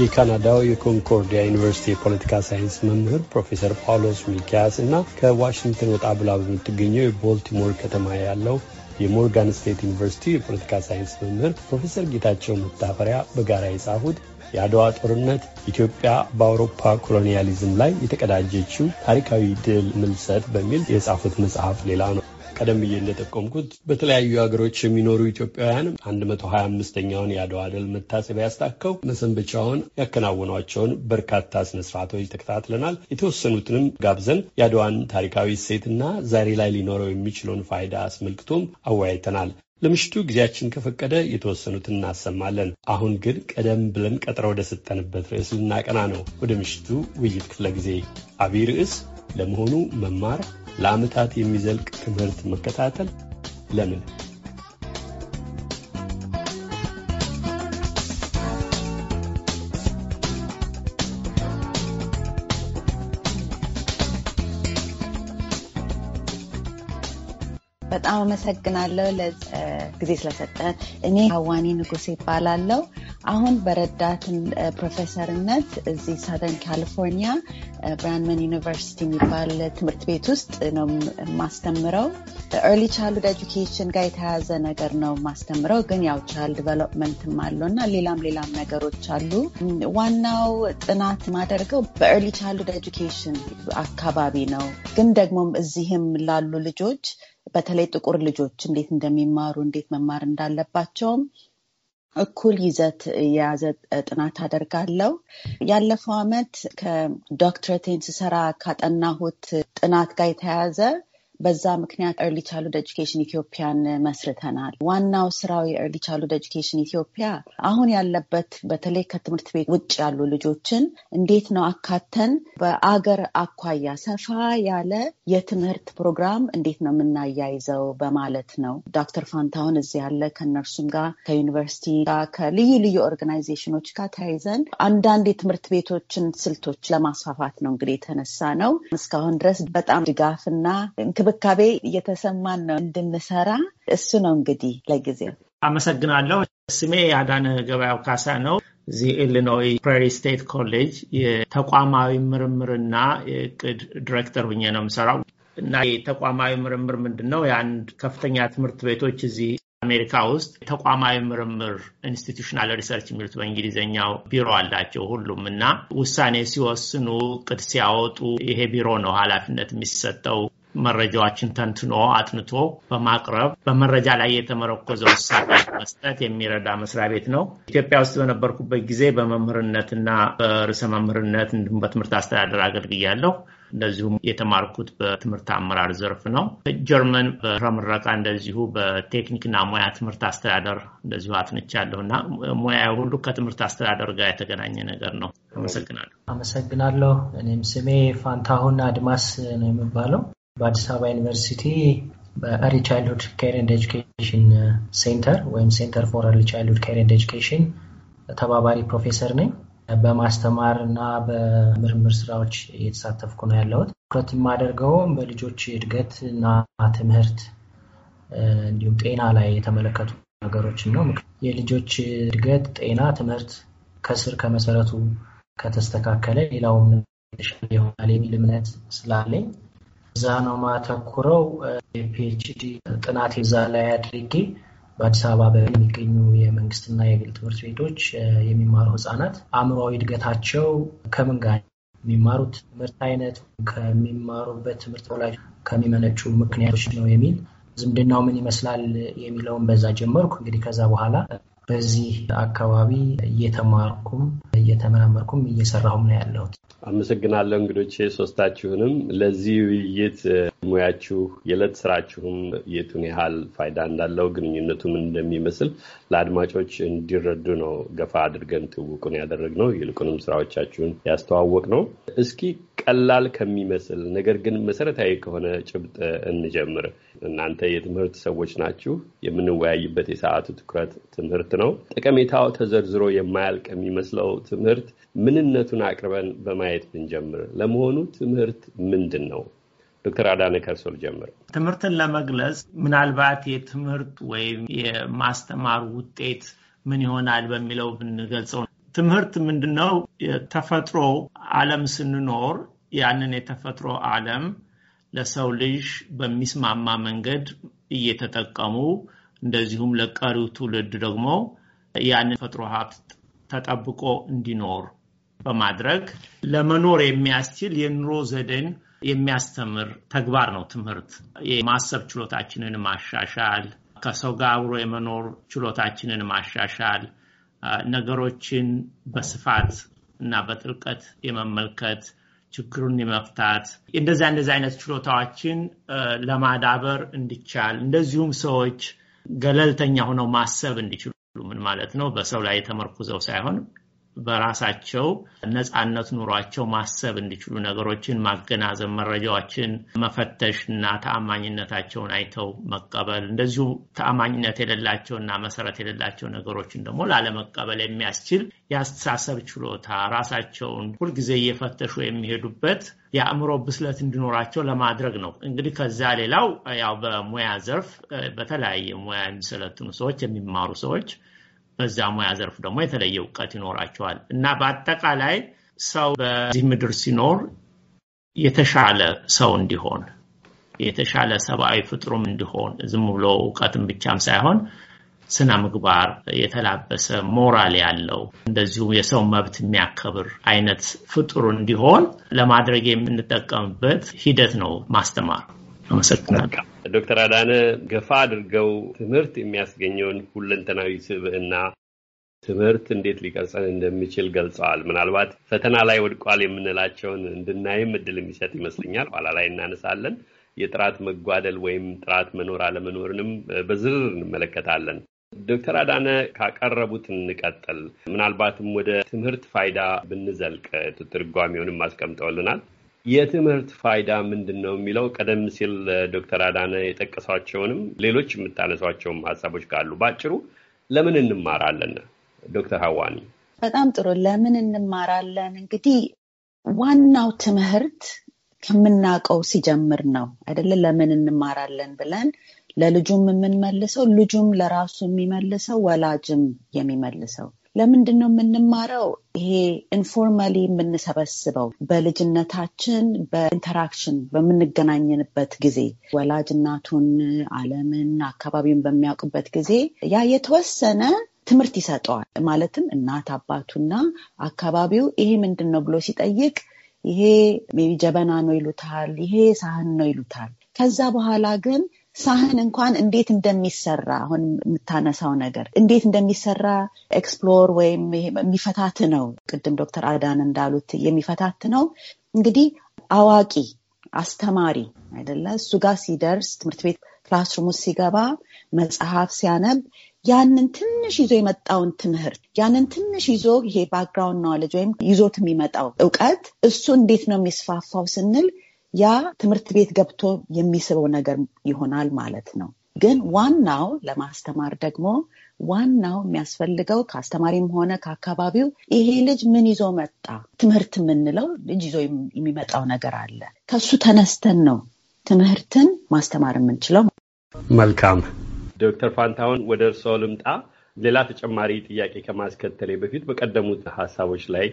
የካናዳው የኮንኮርዲያ ዩኒቨርሲቲ የፖለቲካ ሳይንስ መምህር ፕሮፌሰር ጳውሎስ ሚኪያስ እና ከዋሽንግተን ወጣ ብላ በምትገኘው የቦልቲሞር ከተማ ያለው የሞርጋን ስቴት ዩኒቨርሲቲ የፖለቲካ ሳይንስ መምህር ፕሮፌሰር ጌታቸው መታፈሪያ በጋራ የጻፉት የአድዋ ጦርነት ኢትዮጵያ በአውሮፓ ኮሎኒያሊዝም ላይ የተቀዳጀችው ታሪካዊ ድል ምልሰት በሚል የጻፉት መጽሐፍ ሌላ ነው። ቀደም ብዬ እንደጠቆምኩት በተለያዩ ሀገሮች የሚኖሩ ኢትዮጵያውያን አንድ 125ኛውን የአድዋ ድል መታሰቢያ ያስታከው መሰንበቻውን ያከናወኗቸውን በርካታ ስነስርዓቶች ተከታትለናል። የተወሰኑትንም ጋብዘን የአድዋን ታሪካዊ እሴትና ዛሬ ላይ ሊኖረው የሚችለውን ፋይዳ አስመልክቶም አወያይተናል። ለምሽቱ ጊዜያችን ከፈቀደ የተወሰኑትን እናሰማለን። አሁን ግን ቀደም ብለን ቀጥረ ወደ ሰጠንበት ርዕስ ልናቀና ነው። ወደ ምሽቱ ውይይት ክፍለ ጊዜ አቢ ርዕስ ለመሆኑ መማር ለዓመታት የሚዘልቅ ትምህርት መከታተል ለምን በጣም አመሰግናለሁ ጊዜ ስለሰጠ። እኔ ሀዋኒ ንጉሴ ይባላለው። አሁን በረዳት ፕሮፌሰርነት እዚህ ሳተርን ካሊፎርኒያ ብራንመን ዩኒቨርሲቲ የሚባል ትምህርት ቤት ውስጥ ነው የማስተምረው። ኤርሊ ቻይልድ ኤጁኬሽን ጋር የተያያዘ ነገር ነው ማስተምረው፣ ግን ያው ቻይልድ ዲቨሎፕመንትም አለው እና ሌላም ሌላም ነገሮች አሉ። ዋናው ጥናት ማደርገው በኤርሊ ቻይልድ ኤጁኬሽን አካባቢ ነው፣ ግን ደግሞ እዚህም ላሉ ልጆች በተለይ ጥቁር ልጆች እንዴት እንደሚማሩ እንዴት መማር እንዳለባቸውም እኩል ይዘት የያዘ ጥናት አደርጋለሁ። ያለፈው ዓመት ከዶክትሬቴን ስሰራ ካጠናሁት ጥናት ጋር የተያያዘ በዛ ምክንያት ኤርሊ ቻይልድ ኤጁኬሽን ኢትዮጵያን መስርተናል። ዋናው ስራው የኤርሊ ቻይልድ ኤጁኬሽን ኢትዮጵያ አሁን ያለበት በተለይ ከትምህርት ቤት ውጭ ያሉ ልጆችን እንዴት ነው አካተን በአገር አኳያ ሰፋ ያለ የትምህርት ፕሮግራም እንዴት ነው የምናያይዘው በማለት ነው። ዶክተር ፋንታሁን እዚህ ያለ ከእነርሱም ጋር ከዩኒቨርሲቲ ጋር ከልዩ ልዩ ኦርጋናይዜሽኖች ጋር ተያይዘን አንዳንድ የትምህርት ቤቶችን ስልቶች ለማስፋፋት ነው እንግዲህ የተነሳ ነው። እስካሁን ድረስ በጣም ድጋፍና እንክብካቤ እየተሰማን ነው እንድንሰራ። እሱ ነው እንግዲህ ለጊዜው አመሰግናለሁ። ስሜ አዳነ ገበያው ካሳ ነው። እዚህ ኢሊኖይ ፕሬሪ ስቴት ኮሌጅ የተቋማዊ ምርምርና የእቅድ ዲሬክተር ሁኜ ነው የምሰራው እና የተቋማዊ ምርምር ምንድን ነው? የአንድ ከፍተኛ ትምህርት ቤቶች እዚህ አሜሪካ ውስጥ ተቋማዊ ምርምር ኢንስቲቱሽናል ሪሰርች የሚሉት በእንግሊዝኛው ቢሮ አላቸው ሁሉም እና ውሳኔ ሲወስኑ፣ ቅድ ሲያወጡ ይሄ ቢሮ ነው ኃላፊነት የሚሰጠው መረጃዎችን ተንትኖ አጥንቶ በማቅረብ በመረጃ ላይ የተመረኮዘ ውሳኔ መስጠት የሚረዳ መስሪያ ቤት ነው። ኢትዮጵያ ውስጥ በነበርኩበት ጊዜ በመምህርነትና በርዕሰ መምህርነት እንዲሁም በትምህርት አስተዳደር አገልግያለሁ። እንደዚሁም የተማርኩት በትምህርት አመራር ዘርፍ ነው። ጀርመን በረምረቃ እንደዚሁ በቴክኒክና ሙያ ትምህርት አስተዳደር እንደዚሁ አጥንቻለሁ እና ሙያ ሁሉ ከትምህርት አስተዳደር ጋር የተገናኘ ነገር ነው። አመሰግናለሁ። አመሰግናለሁ። እኔም ስሜ ፋንታሁን አድማስ ነው የሚባለው። በአዲስ አበባ ዩኒቨርሲቲ በአሪ ቻይልድሁድ ኬር ኤንድ ኤጁኬሽን ሴንተር ወይም ሴንተር ፎር አርሊ ቻይልድሁድ ኬር ኤንድ ኤጁኬሽን ተባባሪ ፕሮፌሰር ነኝ። በማስተማር እና በምርምር ስራዎች እየተሳተፍኩ ነው ያለሁት። ትኩረት የማደርገውም በልጆች እድገት እና ትምህርት እንዲሁም ጤና ላይ የተመለከቱ ነገሮችን ነው። የልጆች እድገት፣ ጤና፣ ትምህርት ከስር ከመሰረቱ ከተስተካከለ ሌላውም የተሻለ ይሆናል የሚል እምነት ስላለኝ እዛ ነው ማተኩረው። የፒኤችዲ ጥናት የዛ ላይ አድርጌ በአዲስ አበባ በሚገኙ የመንግስትና የግል ትምህርት ቤቶች የሚማሩ ህጻናት አእምሯዊ እድገታቸው ከምን ጋር የሚማሩት ትምህርት አይነት ከሚማሩበት ትምህርት ላይ ከሚመነጩ ምክንያቶች ነው የሚል ዝምድናው ምን ይመስላል የሚለውን በዛ ጀመርኩ። እንግዲህ ከዛ በኋላ በዚህ አካባቢ እየተማርኩም እየተመራመርኩም እየሰራሁም ነው ያለሁት። አመሰግናለሁ እንግዶች ሶስታችሁንም ለዚህ ውይይት ሙያችሁ የዕለት ስራችሁም የቱን ያህል ፋይዳ እንዳለው ግንኙነቱም እንደሚመስል ለአድማጮች እንዲረዱ ነው ገፋ አድርገን ትውቁን ነው። ይልቁንም ስራዎቻችሁን ያስተዋወቅ ነው። እስኪ ቀላል ከሚመስል ነገር ግን መሰረታዊ ከሆነ ጭብጥ እንጀምር። እናንተ የትምህርት ሰዎች ናችሁ። የምንወያይበት የሰዓቱ ትኩረት ትምህርት ነው። ጠቀሜታው ተዘርዝሮ የማያልቅ የሚመስለው ትምህርት ምንነቱን አቅርበን በማየት ብንጀምር፣ ለመሆኑ ትምህርት ምንድን ነው? ዶክተር አዳነ ከርሶ ልጀምር። ትምህርትን ለመግለጽ ምናልባት የትምህርት ወይም የማስተማር ውጤት ምን ይሆናል በሚለው ብንገልጸው ትምህርት ምንድን ነው? የተፈጥሮ ዓለም ስንኖር ያንን የተፈጥሮ ዓለም ለሰው ልጅ በሚስማማ መንገድ እየተጠቀሙ እንደዚሁም ለቀሪው ትውልድ ደግሞ ያንን ፈጥሮ ሀብት ተጠብቆ እንዲኖር በማድረግ ለመኖር የሚያስችል የኑሮ ዘዴን የሚያስተምር ተግባር ነው ትምህርት። የማሰብ ችሎታችንን ማሻሻል፣ ከሰው ጋር አብሮ የመኖር ችሎታችንን ማሻሻል፣ ነገሮችን በስፋት እና በጥልቀት የመመልከት ችግሩን የመፍታት እንደዚ እንደዚ አይነት ችሎታዎችን ለማዳበር እንዲቻል እንደዚሁም ሰዎች ገለልተኛ ሆነው ማሰብ እንዲችሉ ምን ማለት ነው? በሰው ላይ የተመርኩዘው ሳይሆን በራሳቸው ነፃነት ኑሯቸው ማሰብ እንዲችሉ ነገሮችን ማገናዘብ፣ መረጃዎችን መፈተሽ እና ተአማኝነታቸውን አይተው መቀበል እንደዚሁ ተአማኝነት እና መሰረት የሌላቸው ነገሮችን ደግሞ ላለመቀበል የሚያስችል የአስተሳሰብ ችሎታ ራሳቸውን ሁልጊዜ እየፈተሹ የሚሄዱበት የአእምሮ ብስለት እንዲኖራቸው ለማድረግ ነው። እንግዲህ ከዛ ሌላው ያው በሙያ ዘርፍ በተለያየ ሙያ የሚሰለጥኑ ሰዎች የሚማሩ ሰዎች በዛ ሙያ ዘርፍ ደግሞ የተለየ እውቀት ይኖራቸዋል እና በአጠቃላይ ሰው በዚህ ምድር ሲኖር የተሻለ ሰው እንዲሆን የተሻለ ሰብአዊ ፍጥሩም እንዲሆን ዝም ብሎ እውቀትም ብቻም ሳይሆን ስነ ምግባር የተላበሰ ሞራል ያለው እንደዚሁም የሰው መብት የሚያከብር አይነት ፍጡር እንዲሆን ለማድረግ የምንጠቀምበት ሂደት ነው ማስተማር። አመሰግናለሁ። ዶክተር አዳነ ገፋ አድርገው ትምህርት የሚያስገኘውን ሁለንተናዊ ስብዕና ትምህርት እንዴት ሊቀርጸን እንደሚችል ገልጸዋል። ምናልባት ፈተና ላይ ወድቋል የምንላቸውን እንድናይም እድል የሚሰጥ ይመስለኛል። ኋላ ላይ እናነሳለን። የጥራት መጓደል ወይም ጥራት መኖር አለመኖርንም በዝርዝር እንመለከታለን። ዶክተር አዳነ ካቀረቡት እንቀጥል። ምናልባትም ወደ ትምህርት ፋይዳ ብንዘልቅ ትርጓሚውንም አስቀምጠውልናል። የትምህርት ፋይዳ ምንድን ነው የሚለው ቀደም ሲል ዶክተር አዳነ የጠቀሷቸውንም ሌሎች የምታነሷቸውም ሀሳቦች ካሉ በአጭሩ ለምን እንማራለን? ዶክተር ሀዋኒ በጣም ጥሩ። ለምን እንማራለን? እንግዲህ ዋናው ትምህርት ከምናውቀው ሲጀምር ነው አይደለ? ለምን እንማራለን ብለን ለልጁም የምንመልሰው ልጁም ለራሱ የሚመልሰው ወላጅም የሚመልሰው ለምንድን ነው የምንማረው? ይሄ ኢንፎርማሊ የምንሰበስበው በልጅነታችን በኢንተራክሽን በምንገናኝንበት ጊዜ ወላጅ እናቱን፣ ዓለምን፣ አካባቢውን በሚያውቅበት ጊዜ ያ የተወሰነ ትምህርት ይሰጠዋል። ማለትም እናት አባቱና አካባቢው ይሄ ምንድን ነው ብሎ ሲጠይቅ ይሄ ጀበና ነው ይሉታል፣ ይሄ ሳህን ነው ይሉታል። ከዛ በኋላ ግን ሳህን እንኳን እንዴት እንደሚሰራ አሁን የምታነሳው ነገር እንዴት እንደሚሰራ ኤክስፕሎር ወይም የሚፈታት ነው። ቅድም ዶክተር አዳን እንዳሉት የሚፈታት ነው። እንግዲህ አዋቂ አስተማሪ አይደለ እሱ ጋር ሲደርስ ትምህርት ቤት ክላስሩም ውስጥ ሲገባ መጽሐፍ ሲያነብ ያንን ትንሽ ይዞ የመጣውን ትምህርት ያንን ትንሽ ይዞ ይሄ ባክግራውንድ ኖሌጅ ወይም ይዞት የሚመጣው እውቀት እሱ እንዴት ነው የሚስፋፋው ስንል ያ ትምህርት ቤት ገብቶ የሚስበው ነገር ይሆናል ማለት ነው። ግን ዋናው ለማስተማር ደግሞ ዋናው የሚያስፈልገው ከአስተማሪም ሆነ ከአካባቢው ይሄ ልጅ ምን ይዞ መጣ። ትምህርት የምንለው ልጅ ይዞ የሚመጣው ነገር አለ። ከሱ ተነስተን ነው ትምህርትን ማስተማር የምንችለው። መልካም ዶክተር ፋንታሁን ወደ እርስዎ ልምጣ። ሌላ ተጨማሪ ጥያቄ ከማስከተሌ በፊት በቀደሙት ሀሳቦች ላይ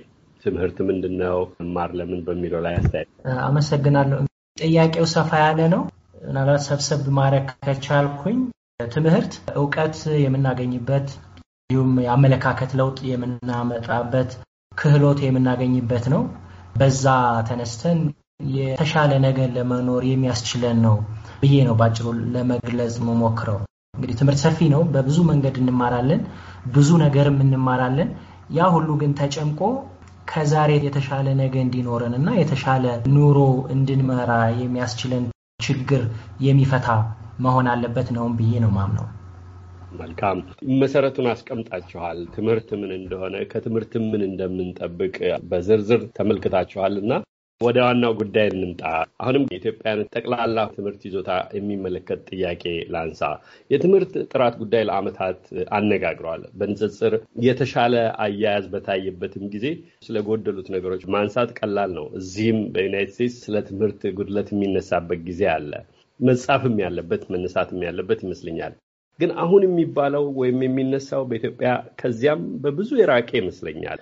ትምህርት ምንድን ነው መማር ለምን በሚለው ላይ አስተያየት። አመሰግናለሁ። ጥያቄው ሰፋ ያለ ነው። ምናልባት ሰብሰብ ማድረግ ከቻልኩኝ ትምህርት እውቀት የምናገኝበት እንዲሁም የአመለካከት ለውጥ የምናመጣበት ክህሎት የምናገኝበት ነው። በዛ ተነስተን የተሻለ ነገር ለመኖር የሚያስችለን ነው ብዬ ነው ባጭሩ ለመግለጽ መሞክረው። እንግዲህ ትምህርት ሰፊ ነው። በብዙ መንገድ እንማራለን፣ ብዙ ነገርም እንማራለን። ያ ሁሉ ግን ተጨምቆ ከዛሬ የተሻለ ነገ እንዲኖረን እና የተሻለ ኑሮ እንድንመራ የሚያስችለን ችግር የሚፈታ መሆን አለበት ነው ብዬ ነው ማምነው። መልካም መሰረቱን አስቀምጣችኋል። ትምህርት ምን እንደሆነ ከትምህርት ምን እንደምንጠብቅ በዝርዝር ተመልክታችኋል እና ወደ ዋናው ጉዳይ እንምጣ። አሁንም የኢትዮጵያን ጠቅላላ ትምህርት ይዞታ የሚመለከት ጥያቄ ላንሳ። የትምህርት ጥራት ጉዳይ ለዓመታት አነጋግሯል። በንጽጽር የተሻለ አያያዝ በታየበትም ጊዜ ስለጎደሉት ነገሮች ማንሳት ቀላል ነው። እዚህም በዩናይት ስቴትስ ስለ ትምህርት ጉድለት የሚነሳበት ጊዜ አለ። መጻፍም ያለበት መነሳትም ያለበት ይመስለኛል። ግን አሁን የሚባለው ወይም የሚነሳው በኢትዮጵያ ከዚያም በብዙ የራቀ ይመስለኛል።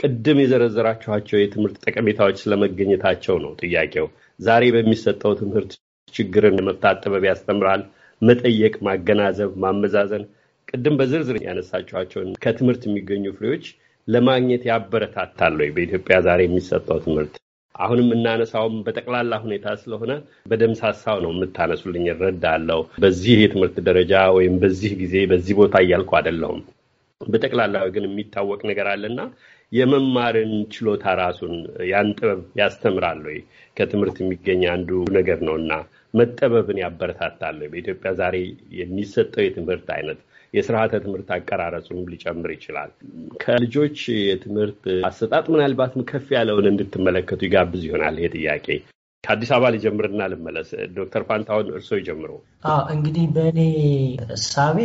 ቅድም የዘረዘራችኋቸው የትምህርት ጠቀሜታዎች ስለመገኘታቸው ነው ጥያቄው። ዛሬ በሚሰጠው ትምህርት ችግርን የመፍታት ጥበብ ያስተምራል። መጠየቅ፣ ማገናዘብ፣ ማመዛዘን ቅድም በዝርዝር ያነሳችኋቸውን ከትምህርት የሚገኙ ፍሬዎች ለማግኘት ያበረታታል ወይ? በኢትዮጵያ ዛሬ የሚሰጠው ትምህርት አሁንም እናነሳውም በጠቅላላ ሁኔታ ስለሆነ በደምሳሳው ነው የምታነሱልኝ፣ እረዳለሁ። በዚህ የትምህርት ደረጃ ወይም በዚህ ጊዜ በዚህ ቦታ እያልኩ አይደለሁም። በጠቅላላ ግን የሚታወቅ ነገር አለና የመማርን ችሎታ ራሱን ያን ጥበብ ያስተምራል ወይ? ከትምህርት የሚገኝ አንዱ ነገር ነው እና መጠበብን ያበረታታል። በኢትዮጵያ ዛሬ የሚሰጠው የትምህርት አይነት የስርዓተ ትምህርት አቀራረጹንም ሊጨምር ይችላል። ከልጆች የትምህርት አሰጣጥ ምናልባትም ከፍ ያለውን እንድትመለከቱ ይጋብዝ ይሆናል ይሄ ጥያቄ። ከአዲስ አበባ ሊጀምርና ልመለስ። ዶክተር ፋንታሁን እርስዎ ይጀምሩ። እንግዲህ በእኔ እሳቤ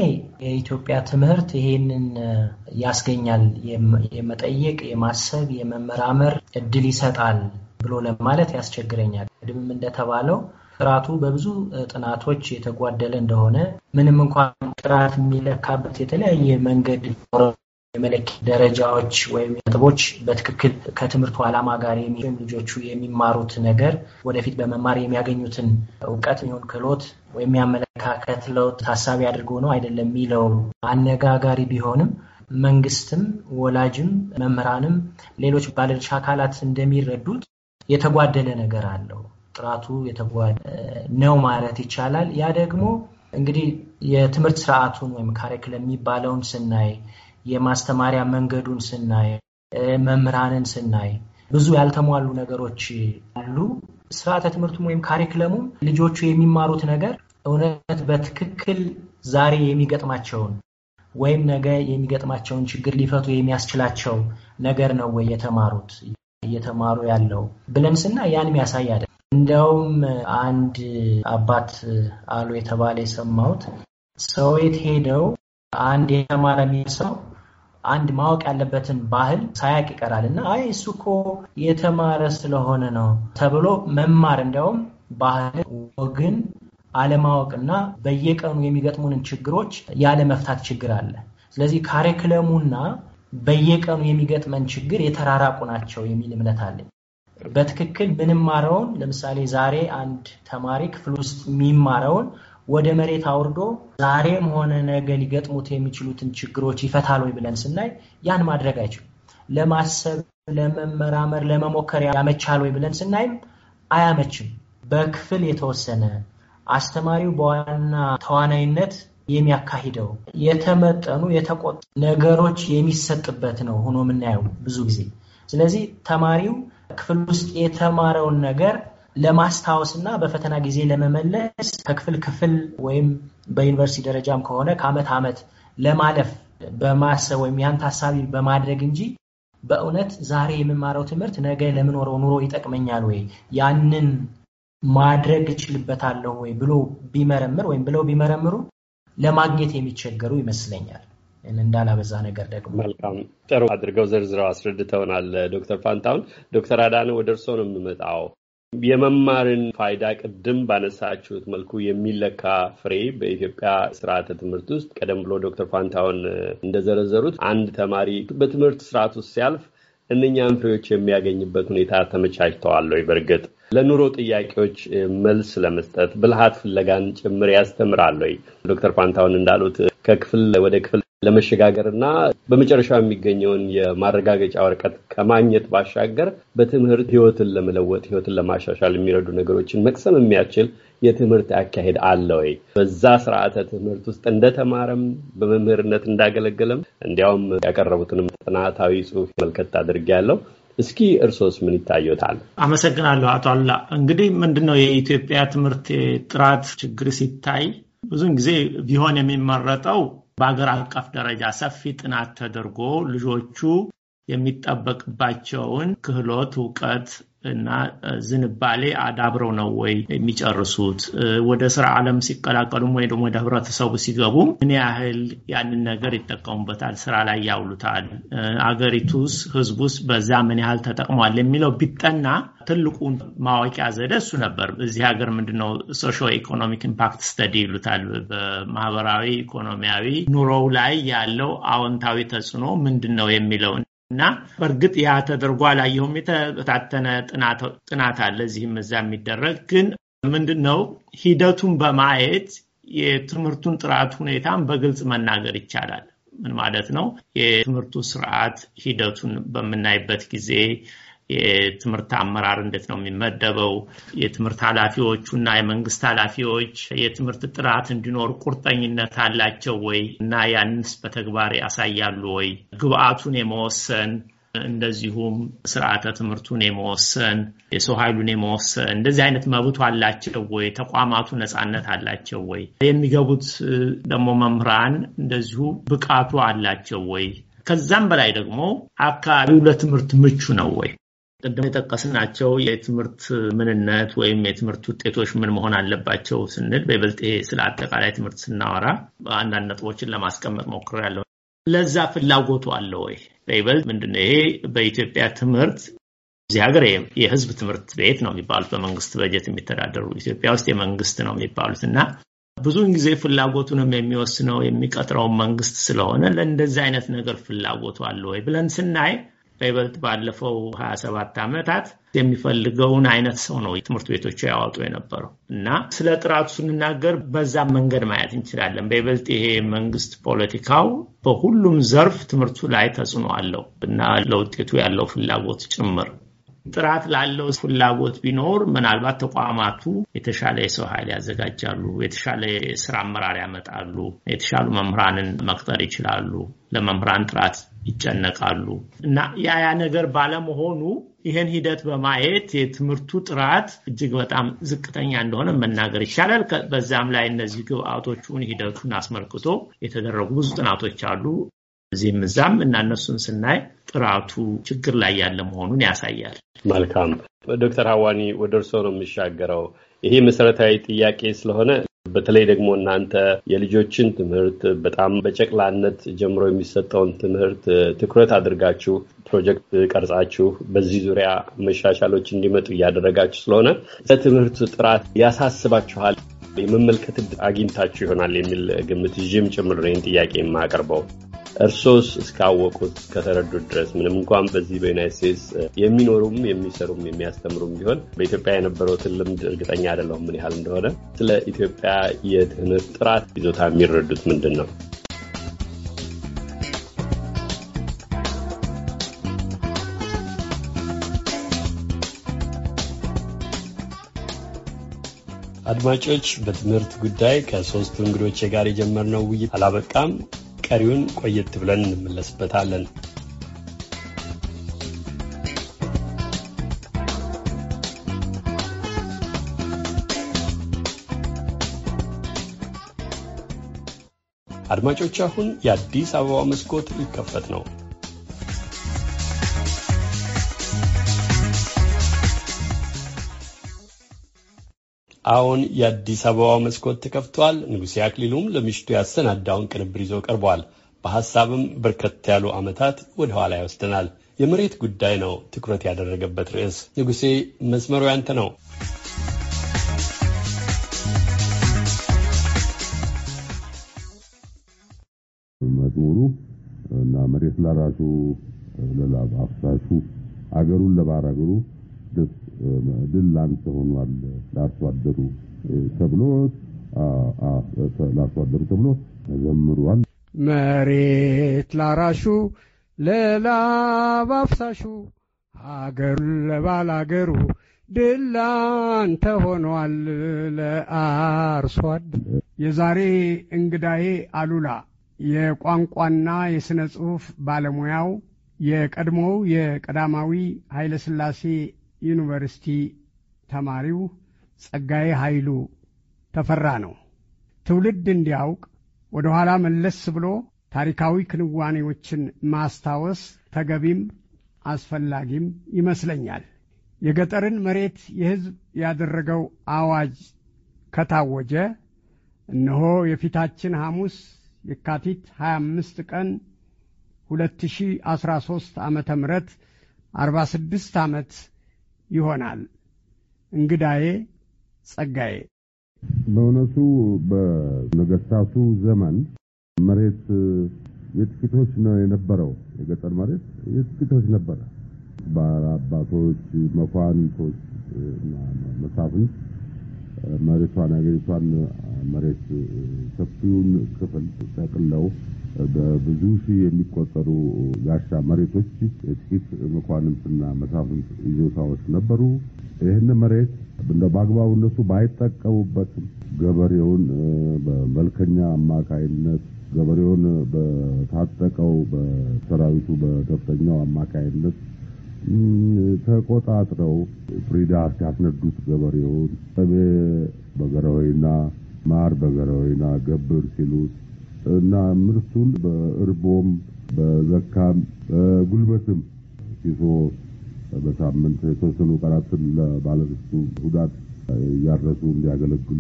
የኢትዮጵያ ትምህርት ይሄንን ያስገኛል፣ የመጠየቅ የማሰብ የመመራመር እድል ይሰጣል ብሎ ለማለት ያስቸግረኛል። ቅድምም እንደተባለው ጥራቱ በብዙ ጥናቶች የተጓደለ እንደሆነ ምንም እንኳን ጥራት የሚለካበት የተለያየ መንገድ የመለኪያ ደረጃዎች ወይም ነጥቦች በትክክል ከትምህርቱ ዓላማ ጋር ልጆቹ የሚማሩት ነገር ወደፊት በመማር የሚያገኙትን እውቀት ሚሆን ክህሎት ወይም የሚያመለካከት ለውጥ ታሳቢ አድርጎ ነው አይደለም የሚለው አነጋጋሪ ቢሆንም መንግስትም፣ ወላጅም፣ መምህራንም ሌሎች ባለድርሻ አካላት እንደሚረዱት የተጓደለ ነገር አለው። ጥራቱ የተጓደለ ነው ማለት ይቻላል። ያ ደግሞ እንግዲህ የትምህርት ስርዓቱን ወይም ካሪክለም የሚባለውን ስናይ የማስተማሪያ መንገዱን ስናይ፣ መምህራንን ስናይ ብዙ ያልተሟሉ ነገሮች አሉ። ስርዓተ ትምህርቱም ወይም ካሪክለሙም ልጆቹ የሚማሩት ነገር እውነት በትክክል ዛሬ የሚገጥማቸውን ወይም ነገ የሚገጥማቸውን ችግር ሊፈቱ የሚያስችላቸው ነገር ነው ወይ የተማሩት እየተማሩ ያለው ብለን ስና ያን የሚያሳይ አደ እንደውም አንድ አባት አሉ የተባለ የሰማሁት ሰው የት ሄደው አንድ የተማረ ሰው አንድ ማወቅ ያለበትን ባህል ሳያቅ ይቀራል እና አይ እሱ እኮ የተማረ ስለሆነ ነው ተብሎ መማር እንዲያውም ባህልን ወግን አለማወቅና በየቀኑ የሚገጥሙንን ችግሮች ያለ መፍታት ችግር አለ። ስለዚህ ካሪክለሙና በየቀኑ የሚገጥመን ችግር የተራራቁ ናቸው የሚል እምነት አለኝ። በትክክል ምንማረውን ለምሳሌ ዛሬ አንድ ተማሪ ክፍል ውስጥ የሚማረውን ወደ መሬት አውርዶ ዛሬም ሆነ ነገ ሊገጥሙት የሚችሉትን ችግሮች ይፈታል ወይ ብለን ስናይ ያን ማድረግ አይችሉም። ለማሰብ፣ ለመመራመር፣ ለመሞከር ያመቻል ወይ ብለን ስናይም አያመችም። በክፍል የተወሰነ አስተማሪው በዋና ተዋናይነት የሚያካሂደው የተመጠኑ የተቆጠ ነገሮች የሚሰጥበት ነው ሆኖ የምናየው ብዙ ጊዜ። ስለዚህ ተማሪው ክፍል ውስጥ የተማረውን ነገር ለማስታወስ እና በፈተና ጊዜ ለመመለስ ከክፍል ክፍል ወይም በዩኒቨርሲቲ ደረጃም ከሆነ ከዓመት ዓመት ለማለፍ በማሰብ ወይም ያን ታሳቢ በማድረግ እንጂ በእውነት ዛሬ የምማረው ትምህርት ነገ ለምኖረው ኑሮ ይጠቅመኛል ወይ ያንን ማድረግ እችልበታለሁ ወይ ብሎ ቢመረምር ወይም ብለው ቢመረምሩ ለማግኘት የሚቸገሩ ይመስለኛል። እንዳላበዛ ነገር ደግሞ መልካም ጥሩ አድርገው ዘርዝረው አስረድተውናል ዶክተር ፋንታሁን። ዶክተር አዳነ ወደ እርስዎ ነው የምመጣው። የመማርን ፋይዳ ቅድም ባነሳችሁት መልኩ የሚለካ ፍሬ በኢትዮጵያ ስርዓተ ትምህርት ውስጥ ቀደም ብሎ ዶክተር ፋንታውን እንደዘረዘሩት አንድ ተማሪ በትምህርት ስርዓት ውስጥ ሲያልፍ እነኛን ፍሬዎች የሚያገኝበት ሁኔታ ተመቻችተዋል በእርግጥ ለኑሮ ጥያቄዎች መልስ ለመስጠት ብልሃት ፍለጋን ጭምር ያስተምራል ወይ? ዶክተር ፋንታውን እንዳሉት ከክፍል ወደ ክፍል ለመሸጋገር እና በመጨረሻው የሚገኘውን የማረጋገጫ ወረቀት ከማግኘት ባሻገር በትምህርት ህይወትን ለመለወጥ ህይወትን ለማሻሻል የሚረዱ ነገሮችን መቅሰም የሚያስችል የትምህርት አካሄድ አለ ወይ? በዛ ስርዓተ ትምህርት ውስጥ እንደተማረም በመምህርነት እንዳገለገለም እንዲያውም ያቀረቡትንም ጥናታዊ ጽሑፍ መልከት አድርጌያለሁ። እስኪ እርሶስ ምን ይታዩታል? አመሰግናለሁ አቶ አሉላ። እንግዲህ ምንድነው የኢትዮጵያ ትምህርት ጥራት ችግር ሲታይ ብዙን ጊዜ ቢሆን የሚመረጠው በአገር አቀፍ ደረጃ ሰፊ ጥናት ተደርጎ ልጆቹ የሚጠበቅባቸውን ክህሎት፣ እውቀት እና ዝንባሌ አዳብረው ነው ወይ የሚጨርሱት? ወደ ስራ ዓለም ሲቀላቀሉም ወይ ደግሞ ወደ ህብረተሰቡ ሲገቡም ምን ያህል ያንን ነገር ይጠቀሙበታል፣ ስራ ላይ ያውሉታል? አገሪቱስ፣ ህዝቡስ በዛ ምን ያህል ተጠቅሟል የሚለው ቢጠና ትልቁን ማወቂያ ዘዴ እሱ ነበር። እዚህ ሀገር ምንድነው ሶሾ ኢኮኖሚክ ኢምፓክት ስተዲ ይሉታል። በማህበራዊ ኢኮኖሚያዊ ኑሮው ላይ ያለው አዎንታዊ ተጽዕኖ ምንድን ነው የሚለው እና በእርግጥ ያ ተደርጎ አላየሁም። የተበታተነ ጥናት አለ እዚህም እዛ የሚደረግ ግን ምንድን ነው ሂደቱን በማየት የትምህርቱን ጥራት ሁኔታን በግልጽ መናገር ይቻላል። ምን ማለት ነው? የትምህርቱ ስርዓት ሂደቱን በምናይበት ጊዜ የትምህርት አመራር እንዴት ነው የሚመደበው? የትምህርት ኃላፊዎቹ እና የመንግስት ኃላፊዎች የትምህርት ጥራት እንዲኖር ቁርጠኝነት አላቸው ወይ እና ያንስ በተግባር ያሳያሉ ወይ? ግብአቱን የመወሰን እንደዚሁም ስርዓተ ትምህርቱን የመወሰን የሰው ኃይሉን የመወሰን እንደዚህ አይነት መብቱ አላቸው ወይ? ተቋማቱ ነፃነት አላቸው ወይ? የሚገቡት ደግሞ መምህራን እንደዚሁ ብቃቱ አላቸው ወይ? ከዛም በላይ ደግሞ አካባቢው ለትምህርት ምቹ ነው ወይ? ቅድም የጠቀስናቸው የትምህርት ምንነት ወይም የትምህርት ውጤቶች ምን መሆን አለባቸው ስንል በይበልጥ ይሄ ስለ አጠቃላይ ትምህርት ስናወራ አንዳንድ ነጥቦችን ለማስቀመጥ ሞክሬያለሁ። ለዛ ፍላጎቱ አለ ወይ? በይበልጥ ምንድነው ይሄ በኢትዮጵያ ትምህርት እዚህ ሀገር የህዝብ ትምህርት ቤት ነው የሚባሉት በመንግስት በጀት የሚተዳደሩ ኢትዮጵያ ውስጥ የመንግስት ነው የሚባሉት እና ብዙውን ጊዜ ፍላጎቱንም የሚወስነው የሚቀጥረውን መንግስት ስለሆነ ለእንደዚህ አይነት ነገር ፍላጎቱ አለ ወይ ብለን ስናይ በይበልጥ ባለፈው ሀያ ሰባት ዓመታት የሚፈልገውን አይነት ሰው ነው ትምህርት ቤቶቹ ያወጡ የነበረው እና ስለ ጥራቱ ስንናገር በዛም መንገድ ማየት እንችላለን። በይበልጥ ይሄ መንግስት ፖለቲካው በሁሉም ዘርፍ ትምህርቱ ላይ ተጽዕኖ አለው እና ለውጤቱ ያለው ፍላጎት ጭምር ጥራት ላለው ፍላጎት ቢኖር ምናልባት ተቋማቱ የተሻለ የሰው ኃይል ያዘጋጃሉ፣ የተሻለ የስራ አመራር ያመጣሉ፣ የተሻሉ መምህራንን መቅጠር ይችላሉ፣ ለመምህራን ጥራት ይጨነቃሉ እና ያ ያ ነገር ባለመሆኑ ይህን ሂደት በማየት የትምህርቱ ጥራት እጅግ በጣም ዝቅተኛ እንደሆነ መናገር ይቻላል። በዛም ላይ እነዚህ ግብአቶቹን ሂደቱን አስመልክቶ የተደረጉ ብዙ ጥናቶች አሉ እዚህም እዛም እና እነሱን ስናይ ጥራቱ ችግር ላይ ያለ መሆኑን ያሳያል። መልካም ዶክተር ሀዋኒ ወደ እርስዎ ነው የሚሻገረው። ይሄ መሰረታዊ ጥያቄ ስለሆነ በተለይ ደግሞ እናንተ የልጆችን ትምህርት በጣም በጨቅላነት ጀምሮ የሚሰጠውን ትምህርት ትኩረት አድርጋችሁ ፕሮጀክት ቀርጻችሁ በዚህ ዙሪያ መሻሻሎች እንዲመጡ እያደረጋችሁ ስለሆነ ለትምህርት ጥራት ያሳስባችኋል የመመልከት አግኝታችሁ ይሆናል የሚል ግምት ይዤም ጭምር ይህን ጥያቄ የማቀርበው እርሶስ እስካወቁት ከተረዱት ድረስ ምንም እንኳን በዚህ በዩናይት ስቴትስ የሚኖሩም የሚሰሩም የሚያስተምሩም ቢሆን በኢትዮጵያ የነበረውትን ልምድ እርግጠኛ አይደለሁም ምን ያህል እንደሆነ። ስለ ኢትዮጵያ የትምህርት ጥራት ይዞታ የሚረዱት ምንድን ነው? አድማጮች፣ በትምህርት ጉዳይ ከሶስቱ እንግዶቼ ጋር የጀመርነው ውይይት አላበቃም። ቀሪውን ቆየት ብለን እንመለስበታለን። አድማጮች አሁን የአዲስ አበባ መስኮት ሊከፈት ነው። አሁን የአዲስ አበባ መስኮት ተከፍቷል። ንጉሴ አክሊሉም ለምሽቱ ያሰናዳውን ቅንብር ይዞ ቀርቧል። በሀሳብም በርከት ያሉ ዓመታት ወደ ኋላ ይወስደናል። የመሬት ጉዳይ ነው ትኩረት ያደረገበት ርዕስ። ንጉሴ መስመሩ ያንተ ነው። መዝሙሩ እና መሬት ለራሱ ለላብ አፍሳሹ፣ አገሩን ለባራገሩ ደስ ድል ላንተ ሆኗል ለአርሶ አደሩ ተብሎ ለአርሶ አደሩ ተብሎ ተዘምሯል። መሬት ላራሹ ለላብ አፍሳሹ አገሩ ለባላገሩ ድል ላንተ ሆኗል ለአርሶ አደሩ። የዛሬ እንግዳዬ አሉላ የቋንቋና የሥነ ጽሑፍ ባለሙያው የቀድሞው የቀዳማዊ ኃይለ ሥላሴ ዩኒቨርሲቲ ተማሪው ጸጋዬ ኃይሉ ተፈራ ነው። ትውልድ እንዲያውቅ ወደ ኋላ መለስ ብሎ ታሪካዊ ክንዋኔዎችን ማስታወስ ተገቢም አስፈላጊም ይመስለኛል። የገጠርን መሬት የሕዝብ ያደረገው አዋጅ ከታወጀ እነሆ የፊታችን ሐሙስ የካቲት 25 ቀን 2013 ዓ ም 46 ዓመት ይሆናል። እንግዳዬ ጸጋዬ በእውነቱ በነገስታቱ ዘመን መሬት የጥቂቶች ነው የነበረው። የገጠር መሬት የጥቂቶች ነበረ። ባለአባቶች፣ መኳንቶች እና መሳፍንት መሬቷን አገሪቷን መሬት ሰፊውን ክፍል ጠቅለው በብዙ ሺህ የሚቆጠሩ ጋሻ መሬቶች ጥቂት መኳንንትና መሳፍንት ይዞታዎች ነበሩ። ይህን መሬት እንደ በአግባቡ እነሱ ባይጠቀሙበትም ገበሬውን በመልከኛ አማካይነት ገበሬውን በታጠቀው በሰራዊቱ በከፍተኛው አማካይነት ተቆጣጥረው ፍሪዳ ሲያስነዱት ገበሬውን ጠቤ በገረሆይና ማር በገረሆይና ገብር ሲሉት እና ምርቱን በእርቦም በዘካም በጉልበትም ኪሶ በሳምንት የተወሰኑ ቀናትን ለባለርስቱ ሁዳት እያረሱ እንዲያገለግሉ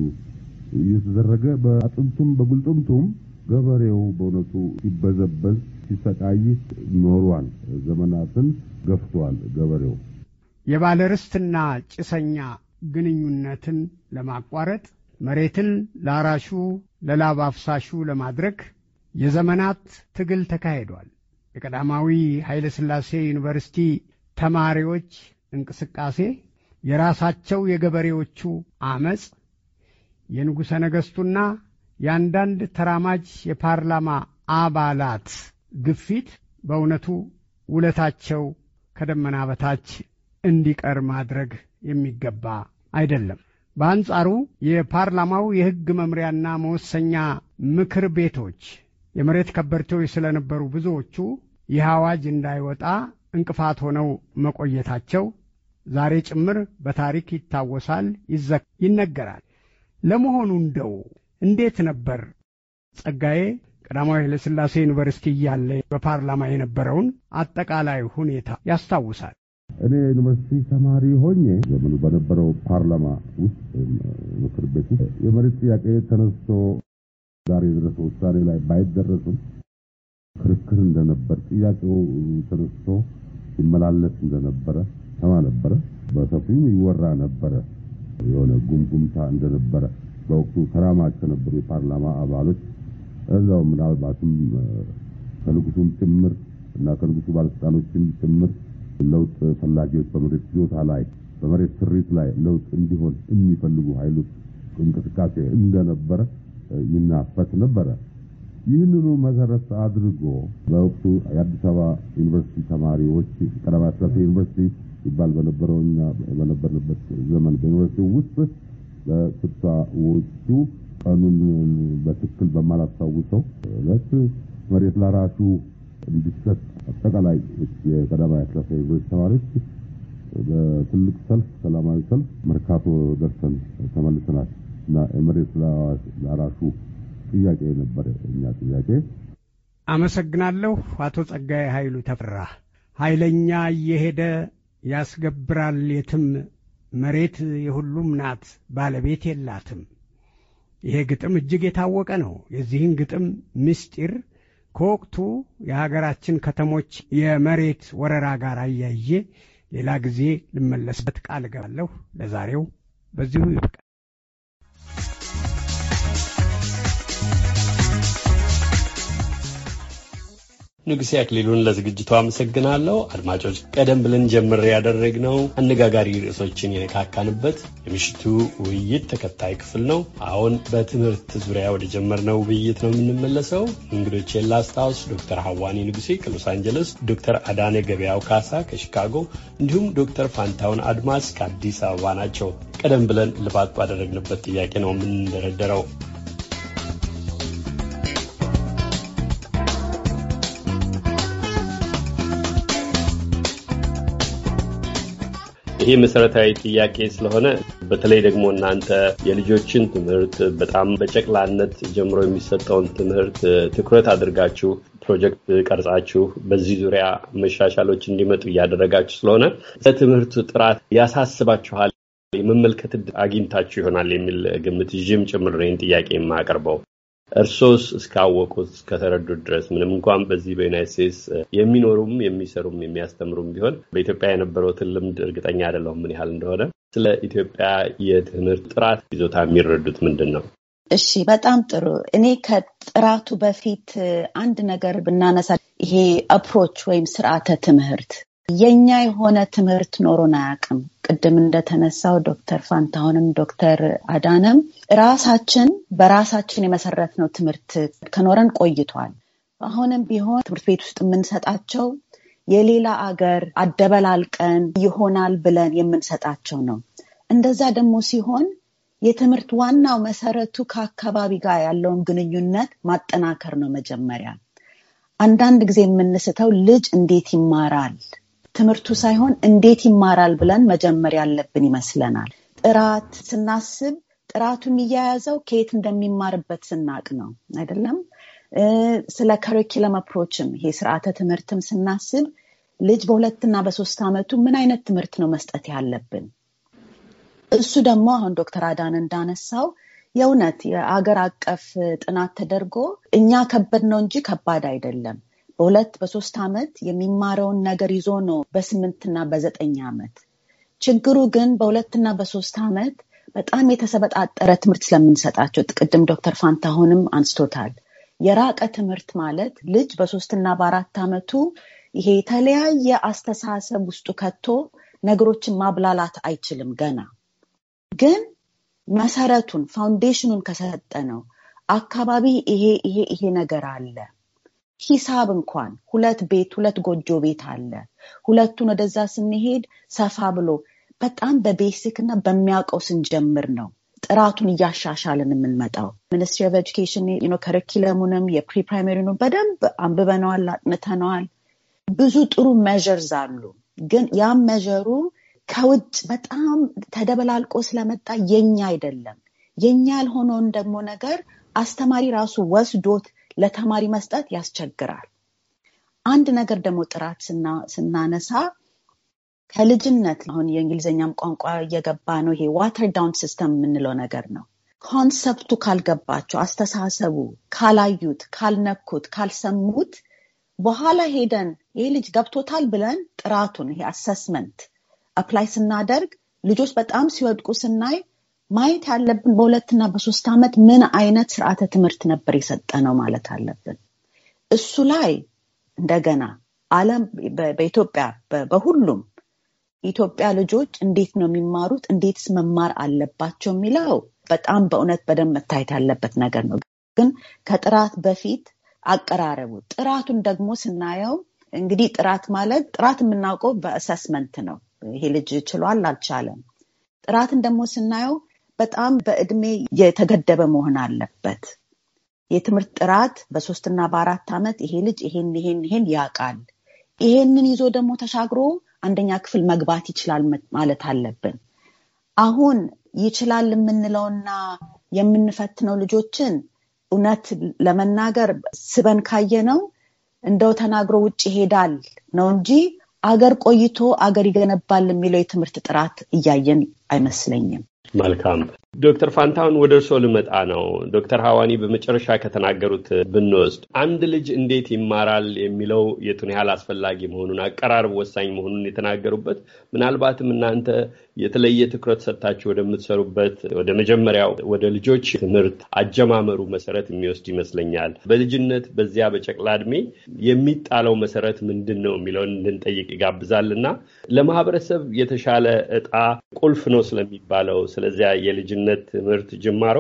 እየተደረገ በአጥንቱም በጉልጥምቱም ገበሬው በእውነቱ ሲበዘበዝ ሲሰቃይ ኖሯል። ዘመናትን ገፍቷል። ገበሬው የባለርስትና ጭሰኛ ግንኙነትን ለማቋረጥ መሬትን ላራሹ ለላብ አፍሳሹ ለማድረግ የዘመናት ትግል ተካሂዷል። የቀዳማዊ ኃይለ ሥላሴ ዩኒቨርሲቲ ተማሪዎች እንቅስቃሴ፣ የራሳቸው የገበሬዎቹ አመፅ፣ የንጉሠ ነገሥቱና የአንዳንድ ተራማጅ የፓርላማ አባላት ግፊት በእውነቱ ውለታቸው ከደመና በታች እንዲቀር ማድረግ የሚገባ አይደለም። በአንጻሩ የፓርላማው የሕግ መምሪያና መወሰኛ ምክር ቤቶች የመሬት ከበርቴዎች ስለነበሩ ብዙዎቹ ይህ አዋጅ እንዳይወጣ እንቅፋት ሆነው መቆየታቸው ዛሬ ጭምር በታሪክ ይታወሳል፣ ይነገራል። ለመሆኑ እንደው እንዴት ነበር ጸጋዬ ቀዳማዊ ኃይለ ሥላሴ ዩኒቨርሲቲ እያለ በፓርላማ የነበረውን አጠቃላይ ሁኔታ ያስታውሳል? እኔ ዩኒቨርሲቲ ተማሪ ሆኜ ዘመኑ በነበረው ፓርላማ ውስጥ ምክር ቤት ውስጥ የመሬት ጥያቄ ተነስቶ ዛሬ የደረሰ ውሳኔ ላይ ባይደረስም ክርክር እንደነበር ጥያቄው ተነስቶ ይመላለስ እንደነበረ ሰማ ነበረ። በሰፊው ይወራ ነበረ። የሆነ ጉምጉምታ እንደነበረ በወቅቱ ተራማጅ ከነበሩ የፓርላማ አባሎች እዛው ምናልባትም ከንጉሱም ጭምር እና ከንጉሱ ባለስልጣኖችም ጭምር ለውጥ ፈላጊዎች በመሬት ይዞታ ላይ በመሬት ስሪት ላይ ለውጥ እንዲሆን የሚፈልጉ ኃይሎች እንቅስቃሴ እንደነበረ ይናፈስ ነበረ። ይህንኑ መሰረት አድርጎ በወቅቱ የአዲስ አበባ ዩኒቨርሲቲ ተማሪዎች ቀደም አስራት ዩኒቨርሲቲ ይባል በነበረውና በነበርንበት ዘመን በዩኒቨርሲቲ ውስጥ በስብሰባዎቹ ቀኑን በትክክል በማላስታውሰው ዕለት መሬት ላራሹ እንዲሰጥ አጠቃላይ የቀዳማዊ አስላሴ ዩኒቨርሲቲ ተማሪዎች በትልቅ ሰልፍ፣ ሰላማዊ ሰልፍ መርካቶ ደርሰን ተመልሰናል እና መሬት ላራሹ ጥያቄ ነበር እኛ ጥያቄ። አመሰግናለሁ። አቶ ጸጋዬ ኃይሉ ተፈራ። ኃይለኛ እየሄደ ያስገብራል የትም መሬት የሁሉም ናት ባለቤት የላትም። ይሄ ግጥም እጅግ የታወቀ ነው። የዚህን ግጥም ምስጢር ከወቅቱ የሀገራችን ከተሞች የመሬት ወረራ ጋር አያይዤ ሌላ ጊዜ ልመለስበት ቃል እገባለሁ። ለዛሬው በዚሁ ይብቃ። ንጉሴ አክሊሉን ለዝግጅቱ አመሰግናለሁ። አድማጮች፣ ቀደም ብለን ጀምር ያደረግነው አነጋጋሪ ርዕሶችን የነካካንበት የምሽቱ ውይይት ተከታይ ክፍል ነው። አሁን በትምህርት ዙሪያ ወደ ጀመርነው ውይይት ነው የምንመለሰው። እንግዶቼን ላስታውስ። ዶክተር ሀዋኒ ንጉሴ ከሎስ አንጀለስ፣ ዶክተር አዳነ ገበያው ካሳ ከሺካጎ እንዲሁም ዶክተር ፋንታውን አድማስ ከአዲስ አበባ ናቸው። ቀደም ብለን ልባት ባደረግንበት ጥያቄ ነው የምንደረደረው። ይሄ መሰረታዊ ጥያቄ ስለሆነ በተለይ ደግሞ እናንተ የልጆችን ትምህርት በጣም በጨቅላነት ጀምሮ የሚሰጠውን ትምህርት ትኩረት አድርጋችሁ ፕሮጀክት ቀርጻችሁ በዚህ ዙሪያ መሻሻሎች እንዲመጡ እያደረጋችሁ ስለሆነ ለትምህርቱ ጥራት ያሳስባችኋል የመመልከት አግኝታችሁ ይሆናል የሚል ግምት ይዤም ጭምር ነው ይህን ጥያቄ የማቀርበው። እርሶስ እስካወቁት እስከተረዱት ድረስ ምንም እንኳን በዚህ በዩናይት ስቴትስ የሚኖሩም የሚሰሩም የሚያስተምሩም ቢሆን በኢትዮጵያ የነበረውትን ልምድ እርግጠኛ አይደለሁም ምን ያህል እንደሆነ። ስለ ኢትዮጵያ የትምህርት ጥራት ይዞታ የሚረዱት ምንድን ነው? እሺ፣ በጣም ጥሩ። እኔ ከጥራቱ በፊት አንድ ነገር ብናነሳ ይሄ አፕሮች ወይም ስርዓተ ትምህርት የኛ የሆነ ትምህርት ኖሮን አያውቅም። ቅድም እንደተነሳው ዶክተር ፋንታሁንም ዶክተር አዳነም ራሳችን በራሳችን የመሰረትነው ትምህርት ከኖረን ቆይቷል። አሁንም ቢሆን ትምህርት ቤት ውስጥ የምንሰጣቸው የሌላ አገር አደበላልቀን ይሆናል ብለን የምንሰጣቸው ነው። እንደዛ ደግሞ ሲሆን የትምህርት ዋናው መሰረቱ ከአካባቢ ጋር ያለውን ግንኙነት ማጠናከር ነው። መጀመሪያ አንዳንድ ጊዜ የምንስተው ልጅ እንዴት ይማራል ትምህርቱ ሳይሆን እንዴት ይማራል ብለን መጀመር ያለብን ይመስለናል። ጥራት ስናስብ ጥራቱ የሚያያዘው ከየት እንደሚማርበት ስናቅ ነው አይደለም። ስለ ከሪኪለም አፕሮችም ይሄ ስርዓተ ትምህርትም ስናስብ ልጅ በሁለትና በሶስት ዓመቱ ምን አይነት ትምህርት ነው መስጠት ያለብን? እሱ ደግሞ አሁን ዶክተር አዳን እንዳነሳው የእውነት የአገር አቀፍ ጥናት ተደርጎ እኛ ከበድ ነው እንጂ ከባድ አይደለም። በሁለት በሶስት ዓመት የሚማረውን ነገር ይዞ ነው በስምንትና በዘጠኝ ዓመት። ችግሩ ግን በሁለትና በሶስት ዓመት በጣም የተሰበጣጠረ ትምህርት ስለምንሰጣቸው ቅድም ዶክተር ፋንታ አሁንም አንስቶታል። የራቀ ትምህርት ማለት ልጅ በሶስትና በአራት ዓመቱ ይሄ የተለያየ አስተሳሰብ ውስጡ ከቶ ነገሮችን ማብላላት አይችልም። ገና ግን መሰረቱን ፋውንዴሽኑን ከሰጠ ነው አካባቢ ይሄ ይሄ ይሄ ነገር አለ ሂሳብ እንኳን ሁለት ቤት ሁለት ጎጆ ቤት አለ። ሁለቱን ወደዛ ስንሄድ ሰፋ ብሎ በጣም በቤሲክ እና በሚያውቀው ስንጀምር ነው ጥራቱን እያሻሻልን የምንመጣው። ሚኒስትሪ ኦፍ ኤጁኬሽን ከሪኪለሙንም የፕሪ ፕራይመሪኑ በደንብ አንብበነዋል፣ አጥንተነዋል። ብዙ ጥሩ መዠርዝ አሉ። ግን ያም መዠሩ ከውጭ በጣም ተደበላልቆ ስለመጣ የኛ አይደለም። የኛ ያልሆነውን ደግሞ ነገር አስተማሪ ራሱ ወስዶት ለተማሪ መስጠት ያስቸግራል። አንድ ነገር ደግሞ ጥራት ስናነሳ ከልጅነት አሁን የእንግሊዝኛም ቋንቋ እየገባ ነው። ይሄ ዋተር ዳውን ሲስተም የምንለው ነገር ነው። ኮንሰፕቱ ካልገባቸው፣ አስተሳሰቡ ካላዩት፣ ካልነኩት፣ ካልሰሙት በኋላ ሄደን ይሄ ልጅ ገብቶታል ብለን ጥራቱን ይሄ አሰስመንት አፕላይ ስናደርግ ልጆች በጣም ሲወድቁ ስናይ ማየት ያለብን በሁለትና በሶስት ዓመት ምን አይነት ስርዓተ ትምህርት ነበር የሰጠ ነው ማለት አለብን። እሱ ላይ እንደገና ዓለም በኢትዮጵያ በሁሉም ኢትዮጵያ ልጆች እንዴት ነው የሚማሩት፣ እንዴትስ መማር አለባቸው የሚለው በጣም በእውነት በደንብ መታየት ያለበት ነገር ነው። ግን ከጥራት በፊት አቀራረቡ ጥራቱን ደግሞ ስናየው እንግዲህ ጥራት ማለት ጥራት የምናውቀው በአሰስመንት ነው። ይሄ ልጅ ችሏል አልቻለም። ጥራትን ደግሞ ስናየው በጣም በእድሜ የተገደበ መሆን አለበት። የትምህርት ጥራት በሶስትና በአራት ዓመት ይሄ ልጅ ይሄን ይሄን ይሄን ያውቃል፣ ይሄንን ይዞ ደግሞ ተሻግሮ አንደኛ ክፍል መግባት ይችላል ማለት አለብን። አሁን ይችላል የምንለውና የምንፈትነው ልጆችን እውነት ለመናገር ስበን ካየ ነው እንደው ተናግሮ ውጭ ይሄዳል ነው እንጂ አገር ቆይቶ አገር ይገነባል የሚለው የትምህርት ጥራት እያየን አይመስለኝም። መልካም ዶክተር ፋንታሁን ወደ እርስዎ ልመጣ ነው። ዶክተር ሀዋኒ በመጨረሻ ከተናገሩት ብንወስድ አንድ ልጅ እንዴት ይማራል የሚለው የቱን ያህል አስፈላጊ መሆኑን አቀራረብ ወሳኝ መሆኑን የተናገሩበት ምናልባትም እናንተ የተለየ ትኩረት ሰጥታችሁ ወደምትሰሩበት ወደ መጀመሪያው ወደ ልጆች ትምህርት አጀማመሩ መሰረት የሚወስድ ይመስለኛል። በልጅነት በዚያ በጨቅላ እድሜ የሚጣለው መሰረት ምንድን ነው የሚለውን እንድንጠይቅ ይጋብዛል እና ለማህበረሰብ የተሻለ እጣ ቁልፍ ነው ስለሚባለው ስለዚያ የልጅነት ትምህርት ጅማሮ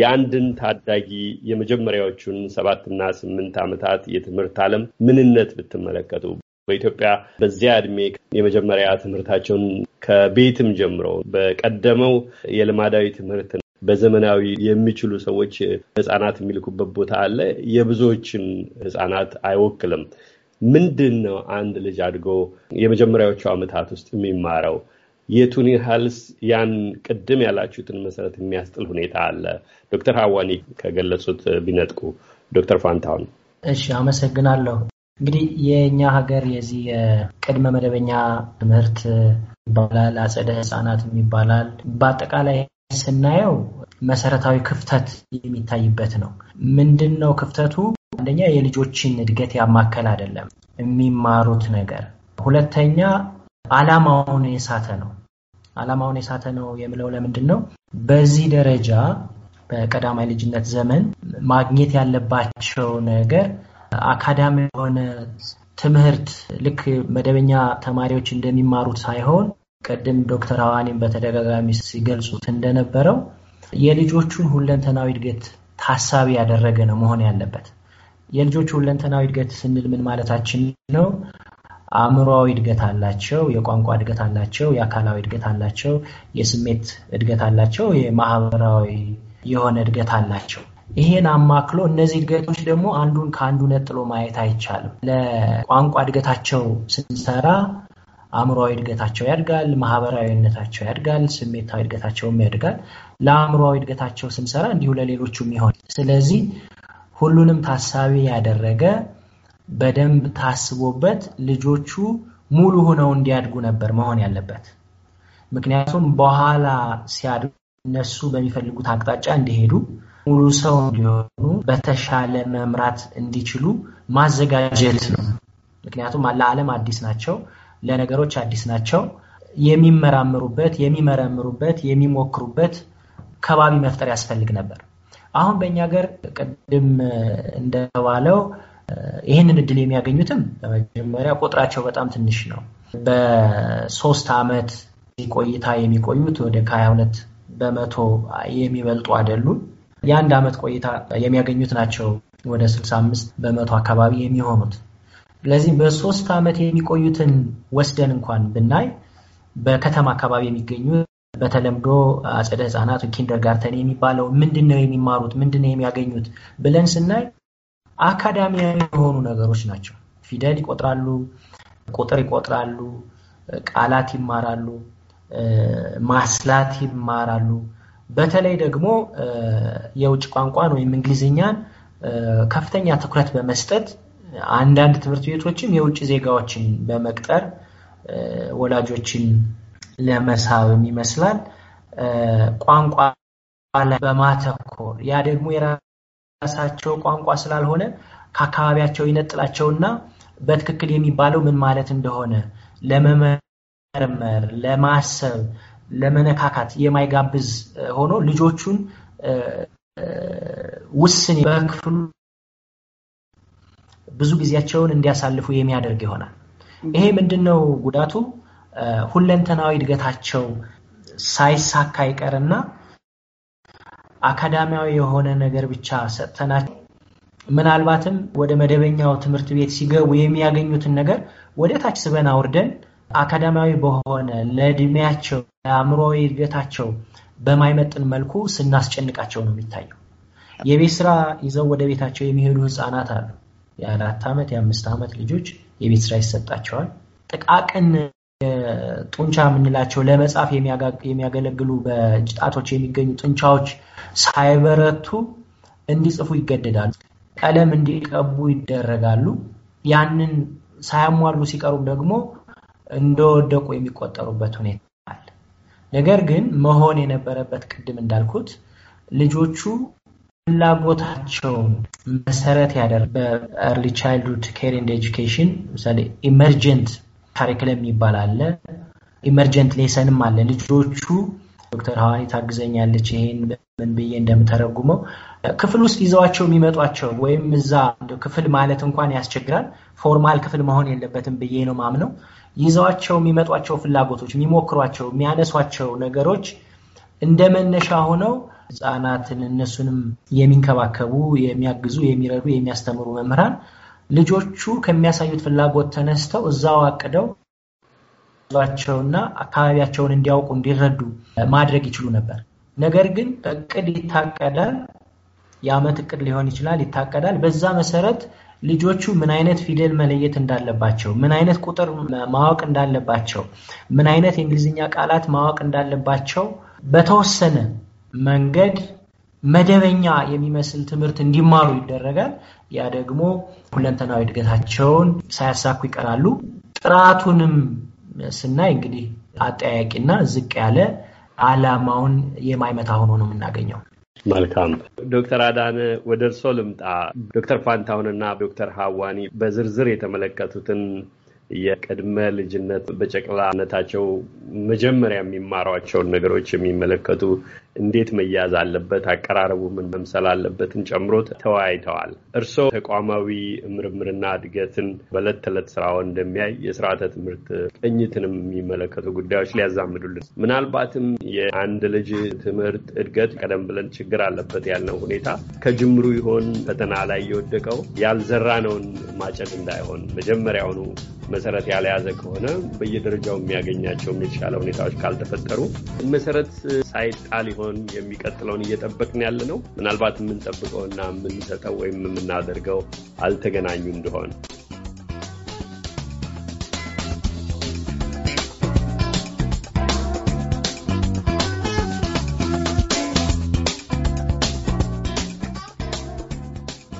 የአንድን ታዳጊ የመጀመሪያዎቹን ሰባትና ስምንት ዓመታት የትምህርት ዓለም ምንነት ብትመለከቱ በኢትዮጵያ በዚያ እድሜ የመጀመሪያ ትምህርታቸውን ከቤትም ጀምሮ በቀደመው የልማዳዊ ትምህርት በዘመናዊ የሚችሉ ሰዎች ህጻናት የሚልኩበት ቦታ አለ። የብዙዎችን ህጻናት አይወክልም። ምንድን ነው አንድ ልጅ አድጎ የመጀመሪያዎቹ ዓመታት ውስጥ የሚማረው? የቱን ያህልስ ያን ቅድም ያላችሁትን መሰረት የሚያስጥል ሁኔታ አለ? ዶክተር ሀዋኒ ከገለጹት ቢነጥቁ። ዶክተር ፋንታውን እሺ፣ አመሰግናለሁ። እንግዲህ የእኛ ሀገር የዚህ የቅድመ መደበኛ ትምህርት ይባላል፣ አጸደ ህፃናት ይባላል። በአጠቃላይ ስናየው መሰረታዊ ክፍተት የሚታይበት ነው። ምንድን ነው ክፍተቱ? አንደኛ የልጆችን እድገት ያማከል አይደለም የሚማሩት ነገር። ሁለተኛ አላማውን የሳተ ነው። አላማውን የሳተ ነው የምለው ለምንድን ነው? በዚህ ደረጃ በቀዳማይ ልጅነት ዘመን ማግኘት ያለባቸው ነገር አካዳሚ የሆነ ትምህርት ልክ መደበኛ ተማሪዎች እንደሚማሩት ሳይሆን ቅድም ዶክተር ሀዋኒም በተደጋጋሚ ሲገልጹት እንደነበረው የልጆቹን ሁለንተናዊ እድገት ታሳቢ ያደረገ ነው መሆን ያለበት። የልጆቹ ሁለንተናዊ እድገት ስንል ምን ማለታችን ነው? አእምሯዊ እድገት አላቸው፣ የቋንቋ እድገት አላቸው፣ የአካላዊ እድገት አላቸው፣ የስሜት እድገት አላቸው፣ የማህበራዊ የሆነ እድገት አላቸው። ይሄን አማክሎ እነዚህ እድገቶች ደግሞ አንዱን ከአንዱ ነጥሎ ማየት አይቻልም። ለቋንቋ እድገታቸው ስንሰራ አእምሯዊ እድገታቸው ያድጋል፣ ማህበራዊነታቸው ያድጋል፣ ስሜታዊ እድገታቸውም ያድጋል። ለአእምሯዊ እድገታቸው ስንሰራ እንዲሁ ለሌሎቹም ይሆን። ስለዚህ ሁሉንም ታሳቢ ያደረገ በደንብ ታስቦበት ልጆቹ ሙሉ ሆነው እንዲያድጉ ነበር መሆን ያለበት። ምክንያቱም በኋላ ሲያድጉ እነሱ በሚፈልጉት አቅጣጫ እንዲሄዱ ሙሉ ሰው እንዲሆኑ በተሻለ መምራት እንዲችሉ ማዘጋጀት ነው። ምክንያቱም ለዓለም አዲስ ናቸው፣ ለነገሮች አዲስ ናቸው። የሚመራምሩበት፣ የሚመረምሩበት፣ የሚሞክሩበት ከባቢ መፍጠር ያስፈልግ ነበር። አሁን በእኛ ሀገር ቅድም እንደተባለው ይህንን እድል የሚያገኙትም በመጀመሪያ ቁጥራቸው በጣም ትንሽ ነው። በሶስት ዓመት ቆይታ የሚቆዩት ወደ ከሀያ በመቶ የሚበልጡ አይደሉም። የአንድ ዓመት ቆይታ የሚያገኙት ናቸው ወደ 65 በመቶ አካባቢ የሚሆኑት። ስለዚህ በሶስት ዓመት የሚቆዩትን ወስደን እንኳን ብናይ በከተማ አካባቢ የሚገኙ በተለምዶ አጸደ ህፃናት ኪንደር ጋርተን የሚባለው ምንድን ነው የሚማሩት ምንድን ነው የሚያገኙት ብለን ስናይ አካዳሚያዊ የሆኑ ነገሮች ናቸው። ፊደል ይቆጥራሉ፣ ቁጥር ይቆጥራሉ፣ ቃላት ይማራሉ፣ ማስላት ይማራሉ። በተለይ ደግሞ የውጭ ቋንቋን ወይም እንግሊዝኛን ከፍተኛ ትኩረት በመስጠት አንዳንድ ትምህርት ቤቶችም የውጭ ዜጋዎችን በመቅጠር ወላጆችን ለመሳብም ይመስላል ቋንቋ ላይ በማተኮር ያ ደግሞ የራሳቸው ቋንቋ ስላልሆነ ከአካባቢያቸው ይነጥላቸውና በትክክል የሚባለው ምን ማለት እንደሆነ ለመመርመር ለማሰብ ለመነካካት የማይጋብዝ ሆኖ ልጆቹን ውስን በክፍሉ ብዙ ጊዜያቸውን እንዲያሳልፉ የሚያደርግ ይሆናል። ይሄ ምንድነው ጉዳቱ? ሁለንተናዊ እድገታቸው ሳይሳካ ይቀርና አካዳሚያዊ የሆነ ነገር ብቻ ሰጥተናቸው ምናልባትም ወደ መደበኛው ትምህርት ቤት ሲገቡ የሚያገኙትን ነገር ወደ ታች ስበን አውርደን አካዳሚያዊ በሆነ ለእድሜያቸው ለአእምሮዊ እድገታቸው በማይመጥን መልኩ ስናስጨንቃቸው ነው የሚታየው። የቤት ስራ ይዘው ወደ ቤታቸው የሚሄዱ ህፃናት አሉ። የአራት ዓመት የአምስት ዓመት ልጆች የቤት ስራ ይሰጣቸዋል። ጥቃቅን ጡንቻ የምንላቸው ለመጻፍ የሚያገለግሉ በጭጣቶች የሚገኙ ጡንቻዎች ሳይበረቱ እንዲጽፉ ይገደዳሉ። ቀለም እንዲቀቡ ይደረጋሉ። ያንን ሳያሟሉ ሲቀሩም ደግሞ እንደወደቁ የሚቆጠሩበት ሁኔታ አለ። ነገር ግን መሆን የነበረበት ቅድም እንዳልኩት ልጆቹ ፍላጎታቸውን መሰረት ያደረገ በኤርሊ ቻይልድሁድ ኬር ኤንድ ኤጁኬሽን ለምሳሌ ኢመርጀንት ካሪክለም ይባላል። ኢመርጀንት ሌሰንም አለ። ልጆቹ ዶክተር ሀዋኒ ታግዘኛለች ይሄን ምን ብዬ እንደምተረጉመው ክፍል ውስጥ ይዘዋቸው የሚመጧቸው ወይም እዛ ክፍል ማለት እንኳን ያስቸግራል። ፎርማል ክፍል መሆን የለበትም ብዬ ነው ማምነው። ይዘዋቸው የሚመጧቸው ፍላጎቶች፣ የሚሞክሯቸው፣ የሚያነሷቸው ነገሮች እንደ መነሻ ሆነው ህጻናትን እነሱንም የሚንከባከቡ፣ የሚያግዙ፣ የሚረዱ፣ የሚያስተምሩ መምህራን ልጆቹ ከሚያሳዩት ፍላጎት ተነስተው እዛው አቅደው ቸውና አካባቢያቸውን እንዲያውቁ እንዲረዱ ማድረግ ይችሉ ነበር። ነገር ግን እቅድ ይታቀዳል። የአመት እቅድ ሊሆን ይችላል፣ ይታቀዳል። በዛ መሰረት ልጆቹ ምን አይነት ፊደል መለየት እንዳለባቸው፣ ምን አይነት ቁጥር ማወቅ እንዳለባቸው፣ ምን አይነት የእንግሊዝኛ ቃላት ማወቅ እንዳለባቸው በተወሰነ መንገድ መደበኛ የሚመስል ትምህርት እንዲማሩ ይደረጋል። ያ ደግሞ ሁለንተናዊ እድገታቸውን ሳያሳኩ ይቀራሉ። ጥራቱንም ስናይ እንግዲህ አጠያቂና ዝቅ ያለ ዓላማውን የማይመታ ሆኖ ነው የምናገኘው። መልካም ዶክተር አዳነ ወደ እርሶ ልምጣ። ዶክተር ፋንታሁንና ዶክተር ሀዋኒ በዝርዝር የተመለከቱትን የቅድመ ልጅነት በጨቅላነታቸው መጀመሪያ የሚማሯቸውን ነገሮች የሚመለከቱ እንዴት መያዝ አለበት፣ አቀራረቡ ምን መምሰል አለበትን ጨምሮ ተወያይተዋል። እርስዎ ተቋማዊ ምርምርና እድገትን በዕለት ተዕለት ስራ እንደሚያይ የስርዓተ ትምህርት ቅኝትንም የሚመለከቱ ጉዳዮች ሊያዛምዱልን ምናልባትም የአንድ ልጅ ትምህርት እድገት ቀደም ብለን ችግር አለበት ያልነው ሁኔታ ከጅምሩ ይሆን ፈተና ላይ የወደቀው ያልዘራነውን ማጨድ እንዳይሆን መጀመሪያውኑ መሰረት ያለያዘ ከሆነ በየደረጃው የሚያገኛቸው የተሻለ ሁኔታዎች ካልተፈጠሩ መሰረት ሳይጣል ይሆን ሲሆን የሚቀጥለውን እየጠበቅን ያለ ነው። ምናልባት የምንጠብቀውና የምንሰጠው ወይም የምናደርገው አልተገናኙ እንደሆን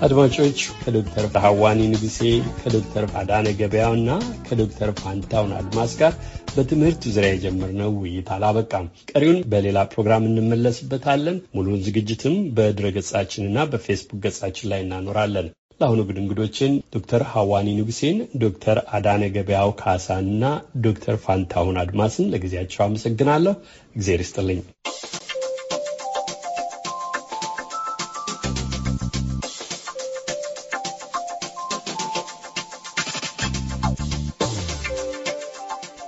አድማጮች ከዶክተር ሀዋኒ ንጉሴ ከዶክተር አዳነ ገበያው እና ከዶክተር ፋንታውን አድማስ ጋር በትምህርት ዙሪያ የጀመርነው ውይይት አላበቃም። ቀሪውን በሌላ ፕሮግራም እንመለስበታለን። ሙሉውን ዝግጅትም በድረገጻችንና በፌስቡክ ገጻችን ላይ እናኖራለን። ለአሁኑ ግን እንግዶችን ዶክተር ሀዋኒ ንጉሴን፣ ዶክተር አዳነ ገበያው ካሳንና ዶክተር ፋንታሁን አድማስን ለጊዜያቸው አመሰግናለሁ። እግዜር ይስጥልኝ።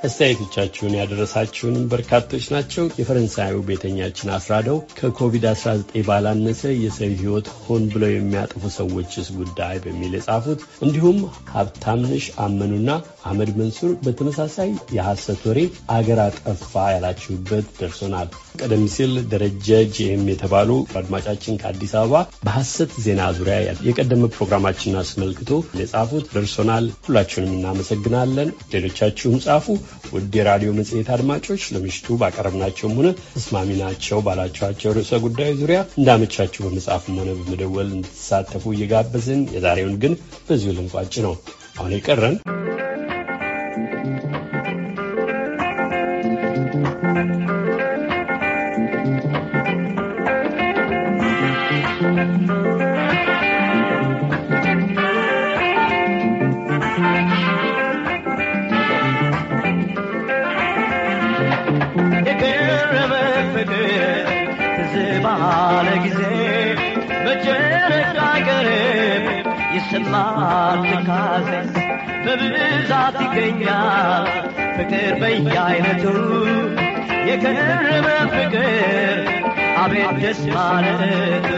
አስተያየቶቻችሁን ያደረሳችሁንም በርካቶች ናቸው። የፈረንሳዩ ቤተኛችን አስራደው ከኮቪድ-19 ባላነሰ የሰው ሕይወት ሆን ብለው የሚያጥፉ ሰዎችስ ጉዳይ በሚል የጻፉት እንዲሁም ሀብታምንሽ አመኑና አህመድ መንሱር በተመሳሳይ የሐሰት ወሬ አገር አጠፋ ያላችሁበት ደርሶናል። ቀደም ሲል ደረጀ ጂኤም የተባሉ አድማጫችን ከአዲስ አበባ በሐሰት ዜና ዙሪያ የቀደመ ፕሮግራማችንን አስመልክቶ የጻፉት ደርሶናል። ሁላችሁንም እናመሰግናለን። ሌሎቻችሁም ጻፉ። ውድ የራዲዮ መጽሔት አድማጮች ለምሽቱ ባቀረብናቸውም ሆነ ተስማሚ ናቸው ባላቸኋቸው ርዕሰ ጉዳዮች ዙሪያ እንዳመቻችሁ በመጻፍም ሆነ በመደወል እንድትሳተፉ እየጋበዝን የዛሬውን ግን በዚሁ ልንቋጭ ነው። አሁን የቀረን ማትካዘን በብዛት ይገኛል ፍቅር በየአይነቱ የከረመ ፍቅር አቤት ደስ ማለቱ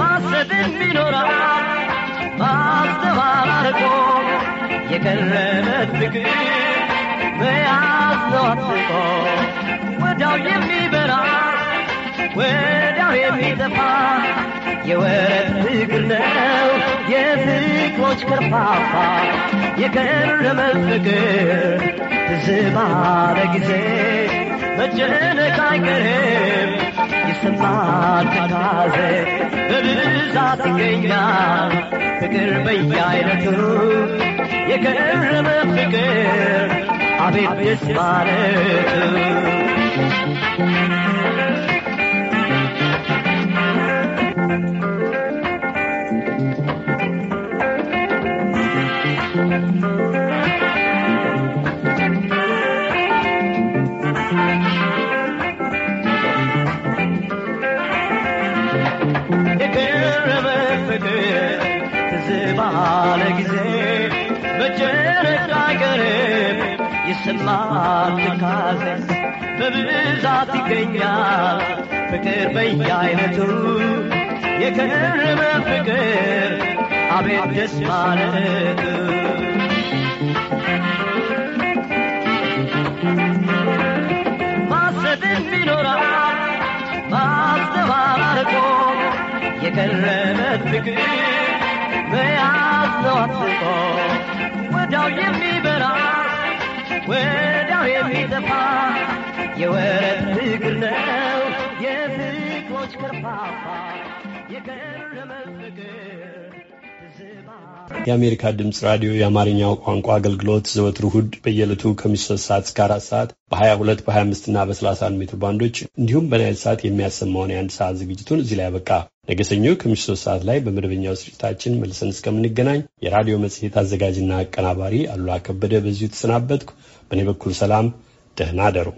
ማሰብም ይኖራል ማስተዋል አርቆ የከረመ ፍቅር በያዘው አጥቆ ወዳው የሚበራ ወዳው የሚጠፋ የወረት እግር ነው የፍቅሮች ከርፋፋ የከረመ ፍቅር ትዝ ባለ ጊዜ መጨነቅ አይቀርም ይሰማል ትካዜ በብዛት ይገኛል ፍቅር በየአይነቱ የከረመ ፍቅር አቤት ደስ ማለቱ ባለ ጊዜ በጨረቃ ገረብ ይሰማል ትካዜ በብዛት ይገኛል ፍቅር በየአይነቱ የከረመ ፍቅር አቤት ደስ ማለት ማሰብም ይኖራል ማስተባባርቆ የከረመ ፍቅር They have not to go. Well, don't give me but us. Well, don't give me the part. You were a bigger now. Yeah, big watch for Papa. You can't የአሜሪካ ድምፅ ራዲዮ የአማርኛው ቋንቋ አገልግሎት ዘወትር እሑድ በየዕለቱ ከምሽቱ ሶስት ሰዓት እስከ አራት ሰዓት በ22 በ25 እና በ31 ሜትር ባንዶች እንዲሁም በናይል ሰዓት የሚያሰማውን የአንድ ሰዓት ዝግጅቱን እዚህ ላይ ያበቃ። ነገ ሰኞ ከምሽቱ ሶስት ሰዓት ላይ በመደበኛው ስርጭታችን መልሰን እስከምንገናኝ የራዲዮ መጽሔት አዘጋጅና አቀናባሪ አሉላ ከበደ በዚሁ ተሰናበትኩ። በእኔ በኩል ሰላም፣ ደህና አደሩ።